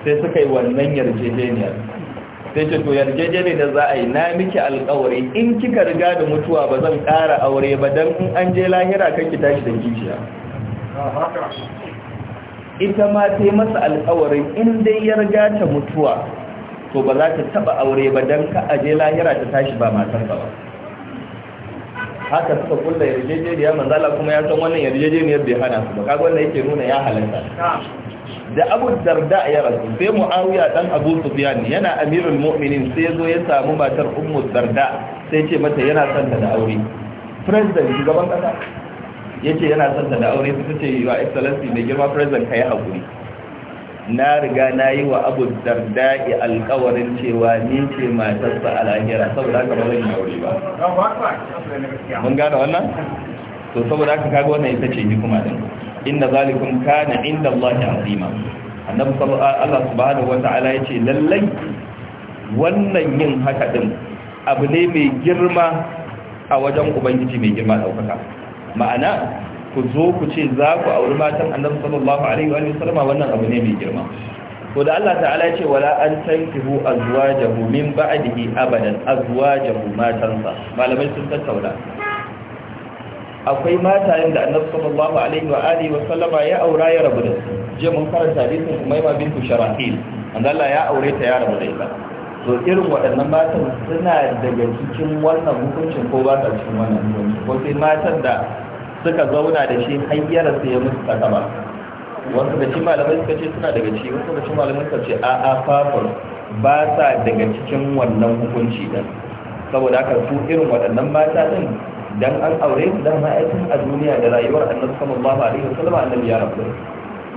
Speaker 1: sai suka yi wannan yarjejeniyar sai ce to yarjejeniyar da za a yi na miki alkawari in kika riga da mutuwa ba zan ƙara aure ba don in an je lahira kan ki tashi da kishiya ita ma ta yi masa alkawarin in dai ya riga ta mutuwa to ba za ta taba aure ba don ka aje lahira ta tashi ba matar ba haka suka kulla yarjejeniya manzala kuma ya san wannan yarjejeniyar bai hana su ba kaga wannan yake nuna ya halarta da Abu Darda ya rasu sai Muawiya dan Abu Sufyan yana amirul mu'minin sai zo ya samu matar Ummu Darda sai ce mata yana son ta da aure president shugaban kasa yace yana son ta da aure sai ce wa excellency mai girma president kai hakuri na riga na yi wa abu darda'i alkawarin cewa ni ce matarsa a lahira saboda haka ba zan yi aure ba
Speaker 2: mun gane wannan
Speaker 1: to saboda haka kaga wannan ita ce hikima din inda zalikum kana inda Allah azima annabi sallallahu Allah subhanahu wata'ala yace lallai wannan yin haka din abu ne mai girma a wajen ubangiji mai girma daukaka ma'ana ku zo ku ce za ku auri matan annabi sallallahu alaihi wa sallama wannan abu ne mai girma to da Allah ta'ala ya ce wala an tankihu azwajahu min ba'dihi abadan azwajahu matansa malamai sun tattauna akwai matayen da annabi sallallahu alaihi wa alihi wa sallama ya aura ya rabu da su je mun karanta tarihin Umayma bintu Sharahil annabi Allah ya aure ta ya rabu da ita to irin waɗannan matan suna daga cikin wannan hukuncin ko ba ta cikin wannan hukuncin ko sai matan da suka zauna da shi hanyar sai ya musu takama wasu da shi malamai suka ce suna daga ciki wasu da shi malamai suka ce a a fafar ba sa daga cikin wannan hukunci din saboda haka su irin waɗannan mata din dan an aure su dan ma'aikatan a duniya da rayuwar annabi sallallahu alaihi wasallam annabi ya rabu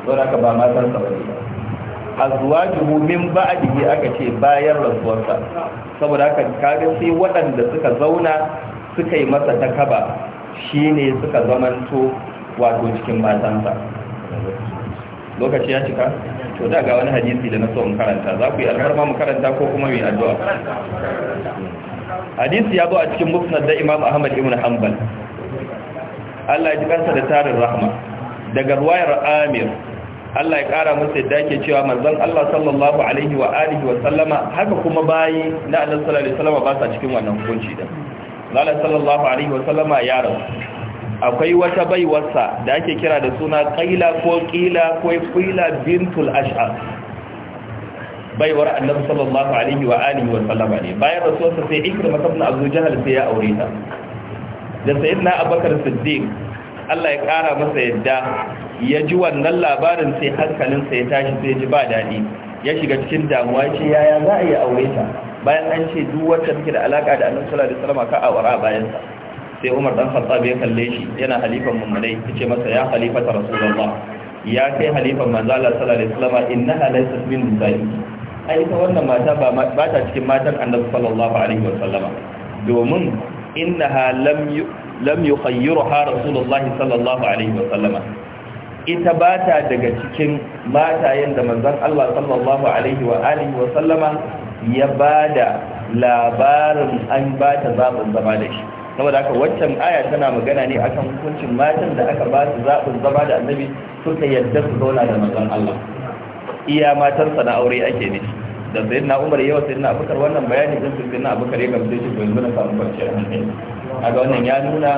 Speaker 1: saboda haka ba matan sa bane azwajuhu min ba'dihi aka ce bayan rasuwarsa saboda haka kaga sai waɗanda suka zauna suka yi masa takaba shi ne suka zamanto wato cikin matansa lokaci ya cika to da ga wani hadisi da na so mu karanta za ku yi alfarma mu karanta ko kuma mai addu'a
Speaker 3: hadisi ya zo a cikin musnad da imam ahmad ibn hanbal
Speaker 1: Allah ya ji kansa da tarin rahma daga ruwayar amir Allah ya kara masa da yake cewa manzon Allah sallallahu alaihi wa alihi wa sallama haka kuma bayi na annabi sallallahu alaihi wa sallama ba sa cikin wannan hukunci da lalla sallallahu alaihi wasallama ya rasu akwai wata baiwarsa da ake kira da suna qaila ko qila ko qila bintul ash'ar baiwar annabi sallallahu alaihi wa alihi wa sallama ne bayan rasuwarsa sai ikrima ibn abu jahl sai ya aure ta da sayyidina abubakar siddiq Allah ya kara masa yadda ya ji wannan labarin sai hankalinsa ya tashi sai ji ba daɗi ya shiga cikin damuwa ce yaya za a yi aure ta bayan an ce duk wacce take da alaka da annabi sallallahu alaihi wasallam ka awara bayan sa sai Umar dan Khattab ya kalle shi yana halifan mummunai yace masa ya khalifata rasulullah ya kai halifan manzo Allah sallallahu alaihi wasallam innaha laysat min zalik ai ita wannan mata ba ba ta cikin matan annabi sallallahu alaihi wasallam domin innaha lam lam yukhayyirha rasulullah sallallahu alaihi wasallam ita ba ta daga cikin matayen da manzon Allah sallallahu alaihi wa alihi wa sallama ya ba da labarin an ba ta zaɓin zama da shi saboda haka waccan aya tana magana ne akan hukuncin matan da aka ba su zaɓin zama da annabi suka yadda su zauna da mazan Allah iya matarsa na aure ake ne da sai na umar yawa sai na abukar wannan bayani din sai na abukar ya gamsu shi gwanzu yanzu na samun kwanciyar hankali ga wannan ya nuna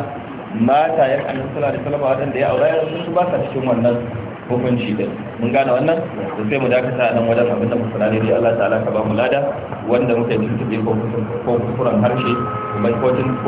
Speaker 1: mata yan annabi sallallahu alaihi wasallam wadanda ya aure su ba sa cikin wannan hukunci da mun gane wannan sai mu dakata nan wajen abin da muka ne
Speaker 3: Allah ta'ala ka ba mu lada wanda muke yi tuntuɓe ko kusuran harshe ko kotun